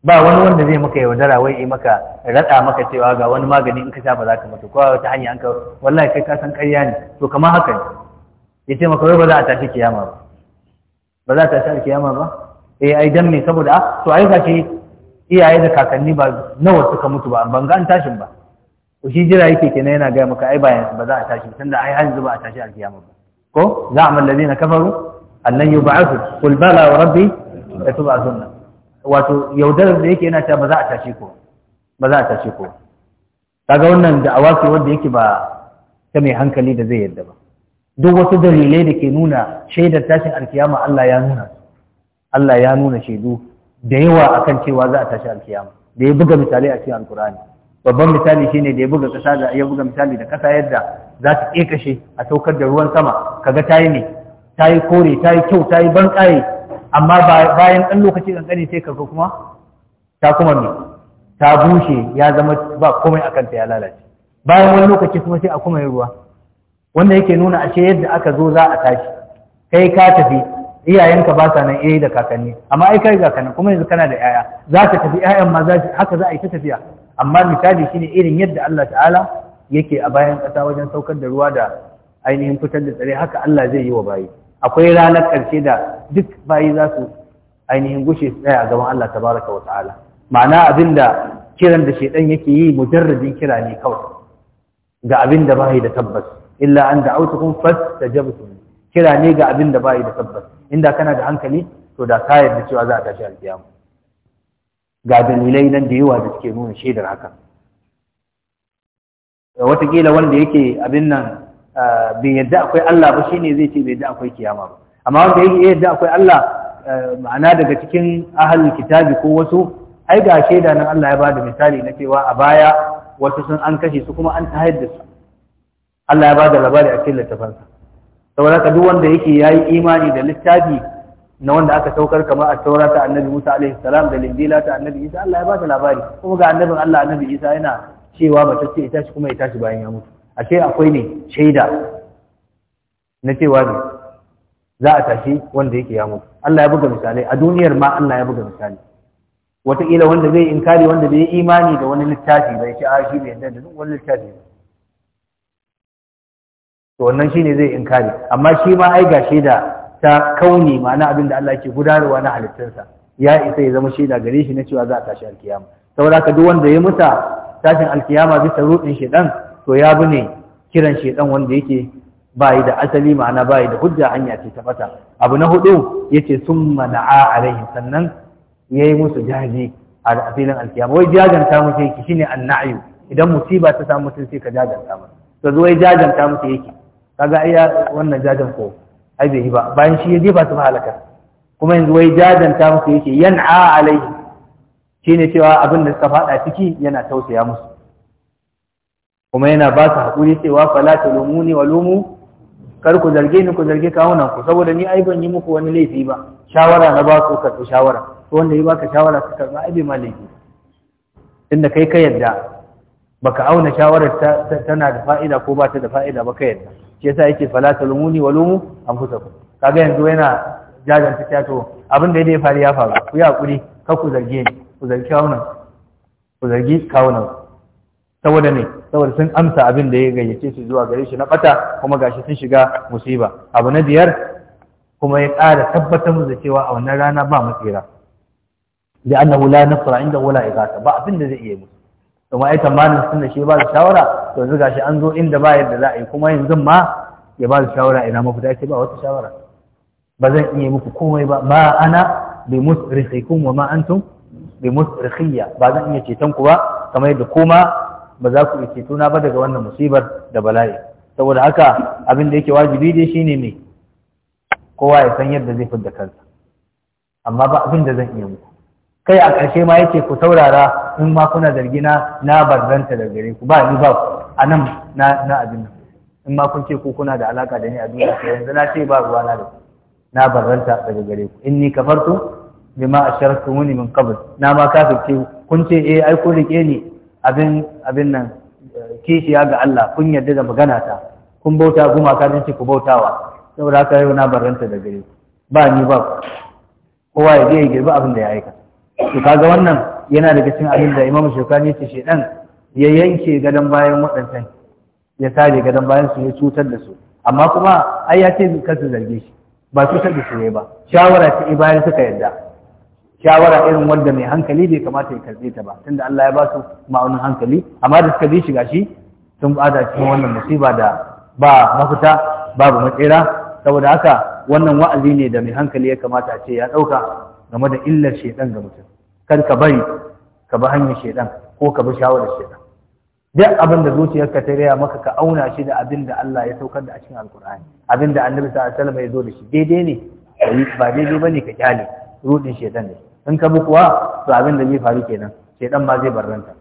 ba wani wanda zai maka yaudara wai yi maka rada maka cewa ga wani magani in ka sha ba za ka mutu ko wata hanya an ka wallahi kai ka san ƙarya ne to kamar haka ne ya ce maka wai ba za a tashi kiyama ba ba za a tashi kiyama ba eh ai dan me saboda a ah, to ai ka ce iyaye da kakanni ba nawa suka mutu ba ban ga an tashin ba to shi jira yake kenan yana gaya maka ai ba ba za a tashi tunda ai har yanzu ba a tashi alkiyama ba ko za a kafaru annan yub'athu qul bala wa rabbi la tub'athunna wato yaudarar da yake yana cewa ba za a tashi ko ba za a tashi ko kaga wannan da awaki wanda yake ba ta mai hankali da zai yadda ba duk wasu dalilai da ke nuna shaidar tashin alkiyama Allah ya nuna Allah ya nuna shaidu da yawa akan cewa za a tashi alkiyama da ya buga misali a cikin alkurani babban misali shine da ya buga kasa da ya buga misali da kasa yadda za ta kashe a saukar da ruwan sama kaga tayi ne ta yi kore ta yi kyau ta yi ban amma bayan ɗan lokaci ƙanƙani sai kaga kuma ta kuma me ta bushe ya zama ba komai a kanta ya lalace bayan wani lokaci kuma sai a kuma yi ruwa wanda yake nuna ashe yadda aka zo za a tashi kai ka tafi iyayenka ba sa nan iyayi eh, da kakanni amma ai kai kakanni kuma yanzu kana da yaya za ka tafi yayan ma za haka za a yi ta tafiya amma misali ne, irin yadda Allah ta'ala yake a bayan ƙasa wajen saukar da ruwa da ainihin fitar da tsare haka Allah zai yi wa bayi akwai ranar ƙarshe da duk bayi za su ainihin gushe su tsaya a gaban Allah ta baraka wa ta'ala ma'ana abin da kiran da shaidan yake yi mujarrabin kira ne kawai ga abin da bayi da tabbas illa an da da fastajabtum kira ne ga abin da bayi da tabbas inda kana da hankali to da ka yarda cewa za a tashi alkiyama ga dalilai nan da yawa da suke nuna shaidar haka watakila wanda yake abin nan bai yadda akwai Allah ba shine zai ce bai yadda akwai kiyama ba amma wanda yake yadda akwai Allah eh, ma'ana daga cikin ahlul kitabi ko wasu ai ga shaida nan Allah ya bada misali na cewa a baya wasu sun an kashe su kuma an ta da su Allah ya bada labari a cikin littafansa saboda haka duk wanda yake yayi imani da littafi na wanda aka saukar kamar a taura ta annabi Musa alaihi salam da lindila ta annabi Isa Allah ya bada labari kuma ga annabin Allah annabi Isa yana cewa mace ce ita shi kuma ya tashi bayan ya mutu A ce akwai ne shaida na cewa ne za a tashi wanda yake ya mutu Allah ya buga misali, a duniyar ma Allah ya buga misali wataƙila wanda zai inkari wanda bai imani da wani littafi ah, bai ce a shi ne yadda da wani littafi ba to wannan shine zai inkari amma shi ma ai ga shaida ta kauni ma'ana abin da Allah yake gudanarwa na halittarsa ya isa ya zama shaida gare shi na cewa za a tashi alkiyama saboda ka duk wanda ya mutu tashin alkiyama bisa ruɗin shi dan to ya bi ne kiran shedan wanda yake bayi da asali ma'ana bayi da hujja hanya ce ta fata abu na hudu yace summa na'a alaihi sannan yayi musu jaji a filin alkiyama wai jajanta mu yake shine annayu idan musiba ta samu mutum sai ka jajanta mu to zo wai jajanta sai yake kaga ai wannan jajan ko ai bai yi ba bayan shi ya jefa su halaka kuma yanzu wai jajanta sai yake yan'a alaihi shine cewa abin da suka faɗa ciki yana tausaya musu kuma yana ba su haƙuri cewa fala ta lumuni wa lumu kar ku zarge ni ku zarge kawunan ku saboda ni ai ban yi muku wani laifi ba shawara na ba ku karɓi shawara ko wanda ya baka shawara ka karɓi ai bai ma laifi tunda kai ka yadda baka auna shawarar tana da fa'ida ko ba ta da fa'ida ba ka yadda shi yasa yake fala ta lumuni wa lumu ku kaga yanzu yana jajanta ta to abin da ya faru ya faru ku yi haƙuri kar ku zarge ni ku zarge kawunan ku zargi kawunan saboda ne saboda sun amsa abin da ya gayyace su zuwa gare shi na bata kuma gashi sun shiga musiba abu na biyar kuma ya ƙara tabbatar musu da cewa a wannan rana ba mu tsira. da annahu la nasra inda wala igata ba abin da zai iya musu ma ai tamanin sun da shi ba da shawara to yanzu gashi an zo inda ba yadda za a yi kuma yanzu ma ya ba da shawara ina mafita ya ce ba wata shawara ba zan iya muku komai ba ma ana bi musrikhikum wa ma antum bi musrikhiya ba zan iya ceton ku ba kamar yadda kuma ba za ku ce tuna ba daga wannan musibar da bala'i saboda haka abin da yake wajibi dai shine me kowa ya san yadda zai fidda kansa amma ba abin da zan iya muku kai a ƙarshe ma yake ku saurara in ma kuna zargi na barzanta da gare ku ba ni ba a nan na na abin in ma kun ce ku kuna da alaka da ni a duniya sai yanzu na ce ba ruwa na da na barzanta daga gare ku In inni kafartu bima asharaktumuni min qabl na ma kafirce kun ce eh ai kun rike ni abin abin nan kishiya ga Allah kun yarda da magana ta kun bauta gumaka don ce ku bautawa saboda haka yau na barranta da gare ba ni ba kowa ya je ya girbi abin da ya aika. to kaga wannan yana daga cikin abin da Imam Shukani ce shedan ya yanke gadon bayan waɗancan ya sare gadon bayan su ya cutar da su amma kuma ai ya ce kar zarge shi ba cutar da su ne ba shawara ta ibayar suka yarda shawara irin wanda mai hankali bai kamata ya karbe ta ba tunda Allah ya ba su ma'aunin hankali amma da suka bi shi sun bada cikin wannan musiba da ba mafita babu matsira saboda haka wannan wa'azi ne da mai hankali ya kamata a ce ya dauka game da illar shedan ga mutum kar ka bari ka bi hanyar shedan ko ka bi shawarar shedan duk abin da zuciyarka ta gaya maka ka auna shi da abin da Allah ya saukar da a cikin alkur'ani abin da annabi sallallahu alaihi wasallam ya zo da shi daidai ne ba daidai bane ka kyale rudin shedan ne in ka bi kuwa to abin da zai faru kenan sai dan ma zai bar ranta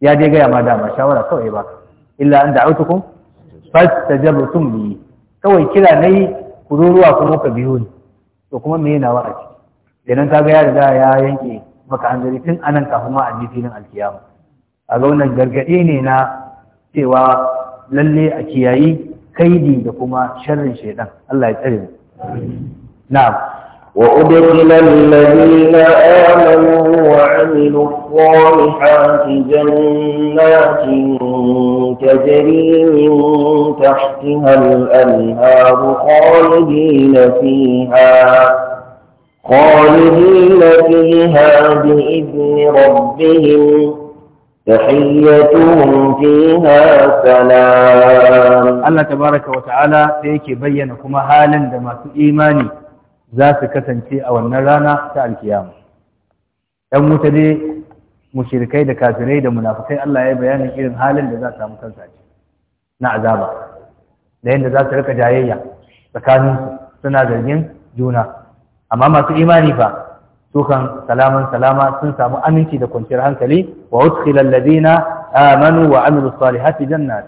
ya dai gaya ma dama shawara kawai ba illa an da'utukum fastajabtum li kawai kira nayi ku zo ruwa kuma ka biyo ni to kuma me yana wa'a a ciki idan ka ga ya riga ya yanke maka hanzari tun anan kafin ma a ji filin alkiyama a ga wannan gargaɗe ne na cewa lalle a kiyayi kaidi da kuma sharrin shaidan Allah ya tsare mu na'am وأدخل الذين آمنوا وعملوا الصالحات جنات تجري من تحتها الأنهار خالدين فيها خالدين فيها بإذن ربهم تحيتهم فيها سلام الله تبارك وتعالى سيكي بينكما كما حالا دماء إيماني za su kasance a wannan rana ta alkiyama ɗan wuta dai mushirikai da kafirai da munafukai Allah ya bayanin irin halin da za su samu kansa ce na azaba da yadda za su rika jayayya tsakanin suna zargin juna amma masu imani fa sukan salaman salama sun samu aminci da kwanciyar hankali wa udkhilal ladina amanu wa amilus salihati jannat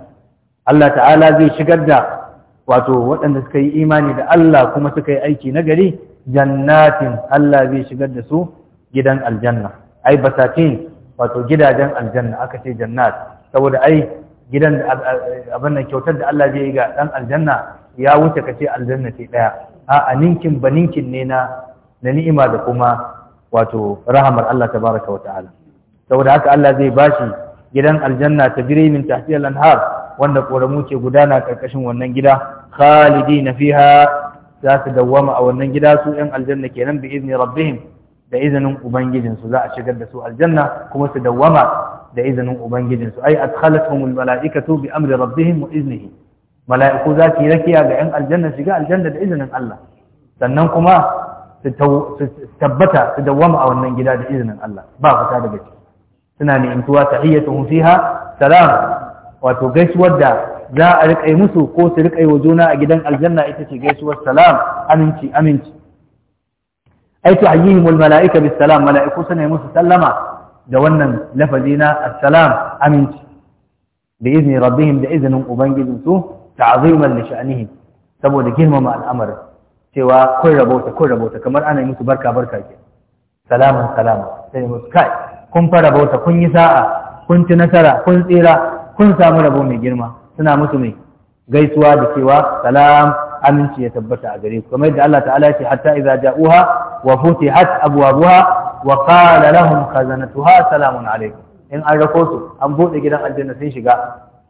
Allah ta'ala zai shigar da wato waɗanda suka yi imani da Allah kuma suka yi aiki na gari jannatin Allah zai shigar da su gidan aljanna ai basatin wato gidajen aljanna aka ce jannat saboda ai gidan abin nan kyautar da Allah zai yi ga dan aljanna ya wuce ka ce aljanna ce daya a ninkin ba ninkin ne na na ni'ima da kuma wato rahamar Allah baraka wa ta'ala saboda haka Allah zai bashi gidan aljanna ta birimin tahtiyal anhar wanda ƙoramu ke gudana ƙarƙashin wannan gida khalidi na fiha za su dawwama a wannan gida su ‘yan aljanna kenan bi izini rabbihim da izinin ubangijinsu za a shigar da su aljanna kuma su dawwama da izinin ubangijinsu ai adkhalathum almalaikatu bi amri rabbihim mu iznihi mala'iku za su yi rakiya ga ‘yan aljanna shiga aljanna da izinin Allah sannan kuma su tabbata su dawwama a wannan gida da izinin Allah ba fita daga ciki suna ni'imtuwa tahiyyatuhum fiha salam wato gaisuwar da za a riƙa yi musu ko su riƙa yi wa juna a gidan aljanna ita ce gaisuwar salam aminci aminci ai tu ayyihimul mala'ika bis salam mala'iku sun yi musu sallama da wannan lafazi na assalam aminci bi izni rabbihim da izinin ubangijin su ta'ziman li sha'nihim saboda girmama al'amarin cewa kun rabauta kun rabauta kamar ana yi musu barka barka ke salaman salama sai musu kai kun fara bauta kun yi sa'a kun ci nasara kun tsira kun samu rabo mai girma suna musu mai gaisuwa da cewa salam aminci ya tabbata a gare ku kamar yadda Allah ta'ala ce hatta idza ja'uha wa futihat abwabuha wa qala lahum khazanatuha salamun alaykum in an rako su an bude gidan aljanna sun shiga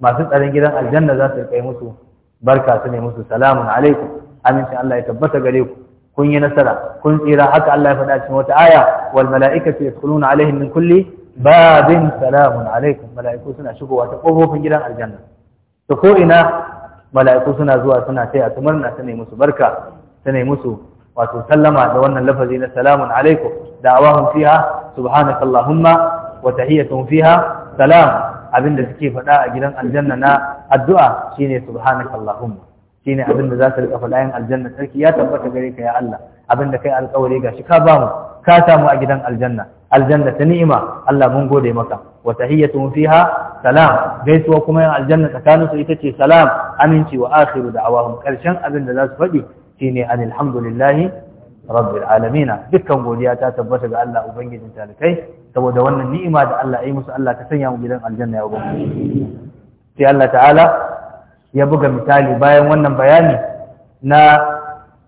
masu tsaron gidan aljanna za su kai musu barka su ne musu salamun alaikum amincin Allah ya tabbata gare ku kun yi nasara kun tsira haka Allah ya faɗa cikin wata aya wal mala'ikatu yadkhuluna alaihim min kulli babin salamun alaikum mala'iku suna shigowa ta kofofin gidan aljanna to ko ina mala'iku suna zuwa suna sai su murna ta nemi musu barka ta nemi musu wato sallama da wannan lafazi na salamun alaikum da'awahum fiha subhanakallahumma wa tahiyyatuhum fiha salam abinda suke faɗa a gidan aljanna na addu'a shine subhanakallahumma shine abinda za su rika faɗa yin aljanna sarki ya tabbata gare ka ya Allah abinda kai alƙawari gashi ka bamu ka samu a gidan aljanna aljanna ta ni'ima Allah mun gode maka wa tahiyyatuhum fiha salam gaisuwa kuma yan aljanna tsakanin su ita ce salam aminci wa akhiru da'awahum karshen abin da za su faɗi shine alhamdulillahi rabbil alamin dukkan godiya ta tabbata ga Allah ubangijin kai. saboda wannan ni'ima da Allah ya yi musu Allah ta sanya mu gidan aljanna ya ubangiji sai Allah ta'ala ya buga misali bayan wannan bayani na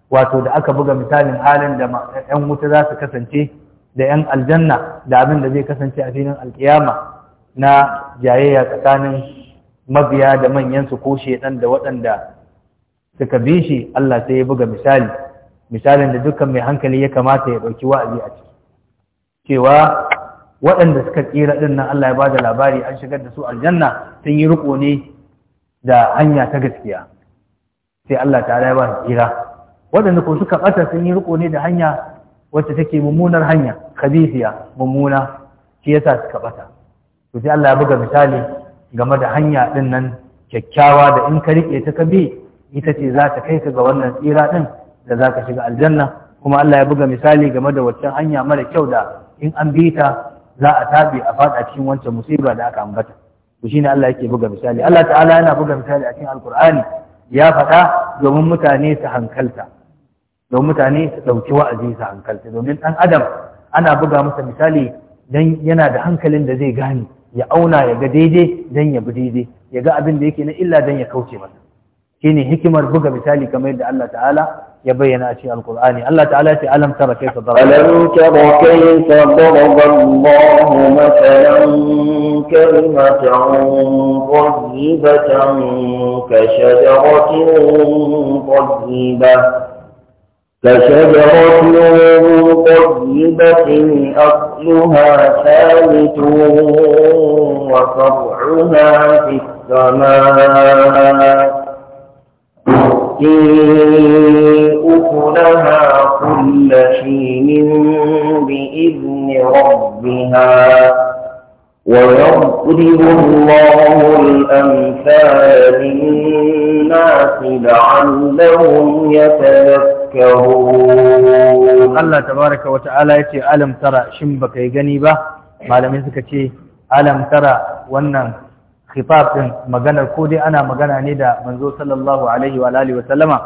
wato da aka buga misalin halin da 'yan wuta za su kasance da 'yan aljanna da abin da zai kasance a filin alkiyama na jayayya tsakanin mabiya da manyansu ko shedan da waɗanda suka bi shi Allah sai ya buga misali misalin da dukkan mai hankali ya kamata ya ɗauki wa'azi a ciki cewa waɗanda suka tsira ɗin nan Allah ya ba da labari an shigar da su aljanna sun yi riko ne da hanya ta gaskiya sai Allah ta ya ba su tsira waɗanda ko suka ɓata sun yi riko ne da hanya wacce take mummunar hanya kabisiya mummuna shi yasa suka bata to sai Allah ya buga misali game da hanya din nan kyakkyawa da in ka rike ta kabi ita ce za ta kai ka ga wannan tsira din da za ka shiga aljanna kuma Allah ya buga misali game da waccan hanya mara kyau da in an bi ta za a tabi a fada cikin wancan musiba da aka ambata to shine Allah yake buga misali Allah ta'ala yana buga misali a cikin alkur'ani ya faɗa domin mutane su hankalta domin mutane su ɗauki wa'azi su hankalta domin ɗan adam ana buga masa misali don yana da hankalin da zai gane ya auna ya ga daidai dan ya bi daidai ya ga abin da yake na illa dan ya kauce masa shine hikimar buga misali kamar yadda Allah ta'ala ya bayyana a cikin alkur'ani Allah ta'ala ya ce alam tara kayfa daraba alam tara kayfa daraba Allahu masalan kalimatan tayyibatan ka shajaratin tayyibah فشجرة طيبة أصلها ثابت وفرعها في السماء أكلها كل حين بإذن ربها ويضرب الله الأمثال للناس لعلهم يتذكرون Allah تذكرون الله تبارك alam tara ألم ترى yi gani ba. malamai suka ce alam tara wannan khifaf din maganar ko dai ana magana ne da manzo sallallahu alaihi wa alihi wa sallama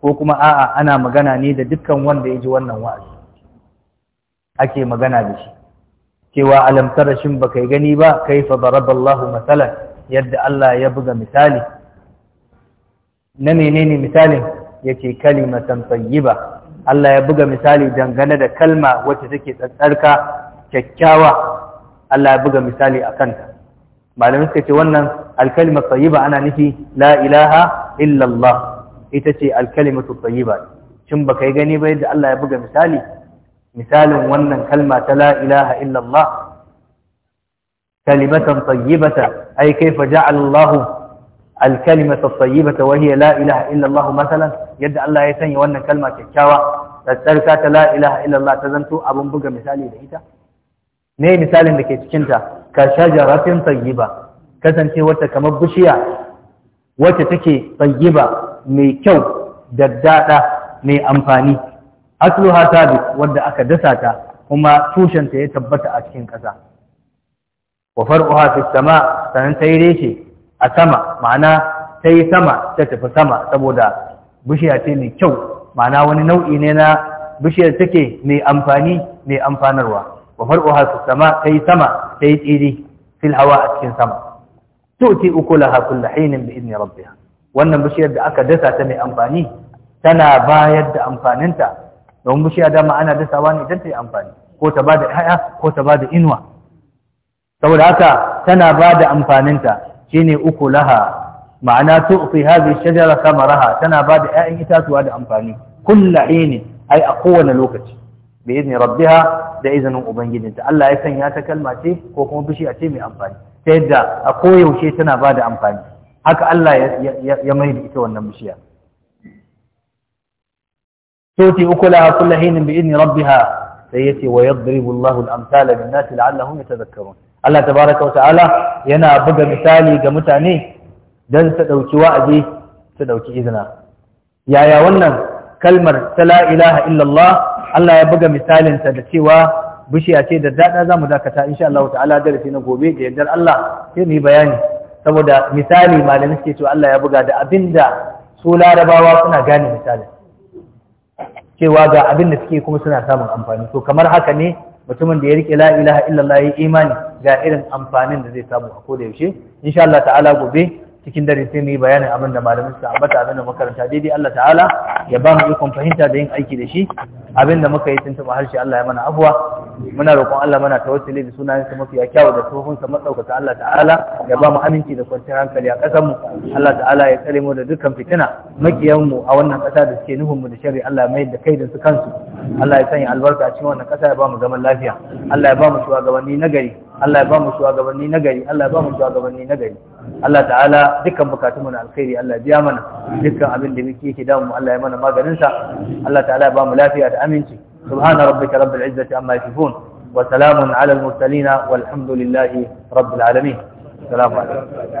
ko kuma a'a ana magana ne da dukkan wanda ya ji wannan wa'azi ake magana da shi cewa alam tara shin baka gani ba kaifa daraballahu masalan yadda Allah ya buga misali na menene misalin Yake kalimatan tayyiba Allah ya buga misali dangane da kalma wacce take tsarka kyakkyawa Allah ya buga misali a kanta malamin suka ce wannan alkalima tayyiba ana nufi la ilaha illallah ita ce alkalimatu tayyiba shin baka yi gani ba yadda Allah ya buga misali misalin wannan kalma ta la ilaha illallah kalimatan tayyibata ay kayfa ja'ala الكلمة الطيبة وهي لا إله إلا الله مثلا يد الله يسني وأن كلمة كتشاوة تتركة لا إله إلا الله تزنتو أبو بقى مثالي لإيتا ne misalin da ke cikinta ka shajaratin tayyiba kasance wata kamar bishiya wacce take tayyiba mai kyau daɗa mai amfani asluha sabit wadda aka dasa ta kuma tushenta ya tabbata a cikin ƙasa wa far'uha sama sanan ta yi reshe a sama ma'ana ta yi sama ta tafi sama saboda bishiya ce mai kyau ma'ana wani nau'i ne na bishiyar take mai amfani mai amfanarwa wa farko hasu sama ta yi sama ta yi tsiri fil hawa a cikin sama la ha kullu hinin bi idni rabbiha wannan bishiyar da aka dasa ta mai amfani tana bayar da amfaninta don bishiya da ana dasawa ne idan ta yi amfani ko ta bada 'ya'ya ko ta bada inuwa saboda haka tana bada amfaninta shine uku laha ma'ana tu'ti hadhihi shajara samaraha tana ba da 'ya'yan itatuwa da amfani kullu hinin ai a kowane lokaci bi izni rabbiha da izinin ubangijinta Allah ya sanya ta kalma ce ko kuma bishiya ce mai amfani ta yadda a koyaushe tana bada amfani haka Allah ya mai da ita wannan bishiya tuti ukulaha kullu hinin bi izni rabbiha sai yace wa yadribu Allahu al-amthala lin-nasi la'allahum yatadhakkarun Allah tabaraka wa ta'ala yana buga misali ga mutane don su ɗauki wa'azi su ɗauki izina yaya wannan kalmar ta la ilaha illallah Allah ya buga misalinta da cewa bishiya ce da daɗa zamu dakata insha Allah ta'ala darasi na gobe da yardar Allah sai yi bayani saboda misali malamai suke to Allah ya buga da abinda su larabawa suna gane misalin. cewa ga abin da suke kuma suna samun amfani to kamar haka ne mutumin da ya rike la'ilaha illallah ya imani ga irin amfanin da zai samu a koda yaushe insha Allah ta'ala gobe cikin dare sai mu yi bayanin abin da malamin suka ambata abin da makaranta daidai Allah ta'ala ya ba mu ikon fahimta da yin aiki da shi abin da muka yi taba harshe Allah ya mana abuwa muna roƙon Allah mana tawassuli da sunayen sa mafiya kyawu da tsohon sa matsaukaka Allah ta'ala ya ba mu aminci da kwanciyar hankali a ƙasar mu Allah ta'ala ya tsare mu da dukkan fitina makiyan mu a wannan ƙasa da suke nuhun mu da sharri Allah ya mayar da da su kansu Allah ya sanya albarka a cikin wannan ƙasa ya ba mu zaman lafiya Allah ya ba mu shugabanni nagari Allah ya ba mu shugabanni nagari Allah ya ba mu shugabanni nagari Allah ta'ala dukkan bukatunmu na alkhairi Allah biya mana dukkan abin da muke yake damu Allah ya mana maganin sa Allah ta'ala ya ba mu lafiya da aminci subhana rabbika rabbil izzati amma yasifun wa salamun ala al mursalin walhamdulillahi rabbil alamin salamu alaikum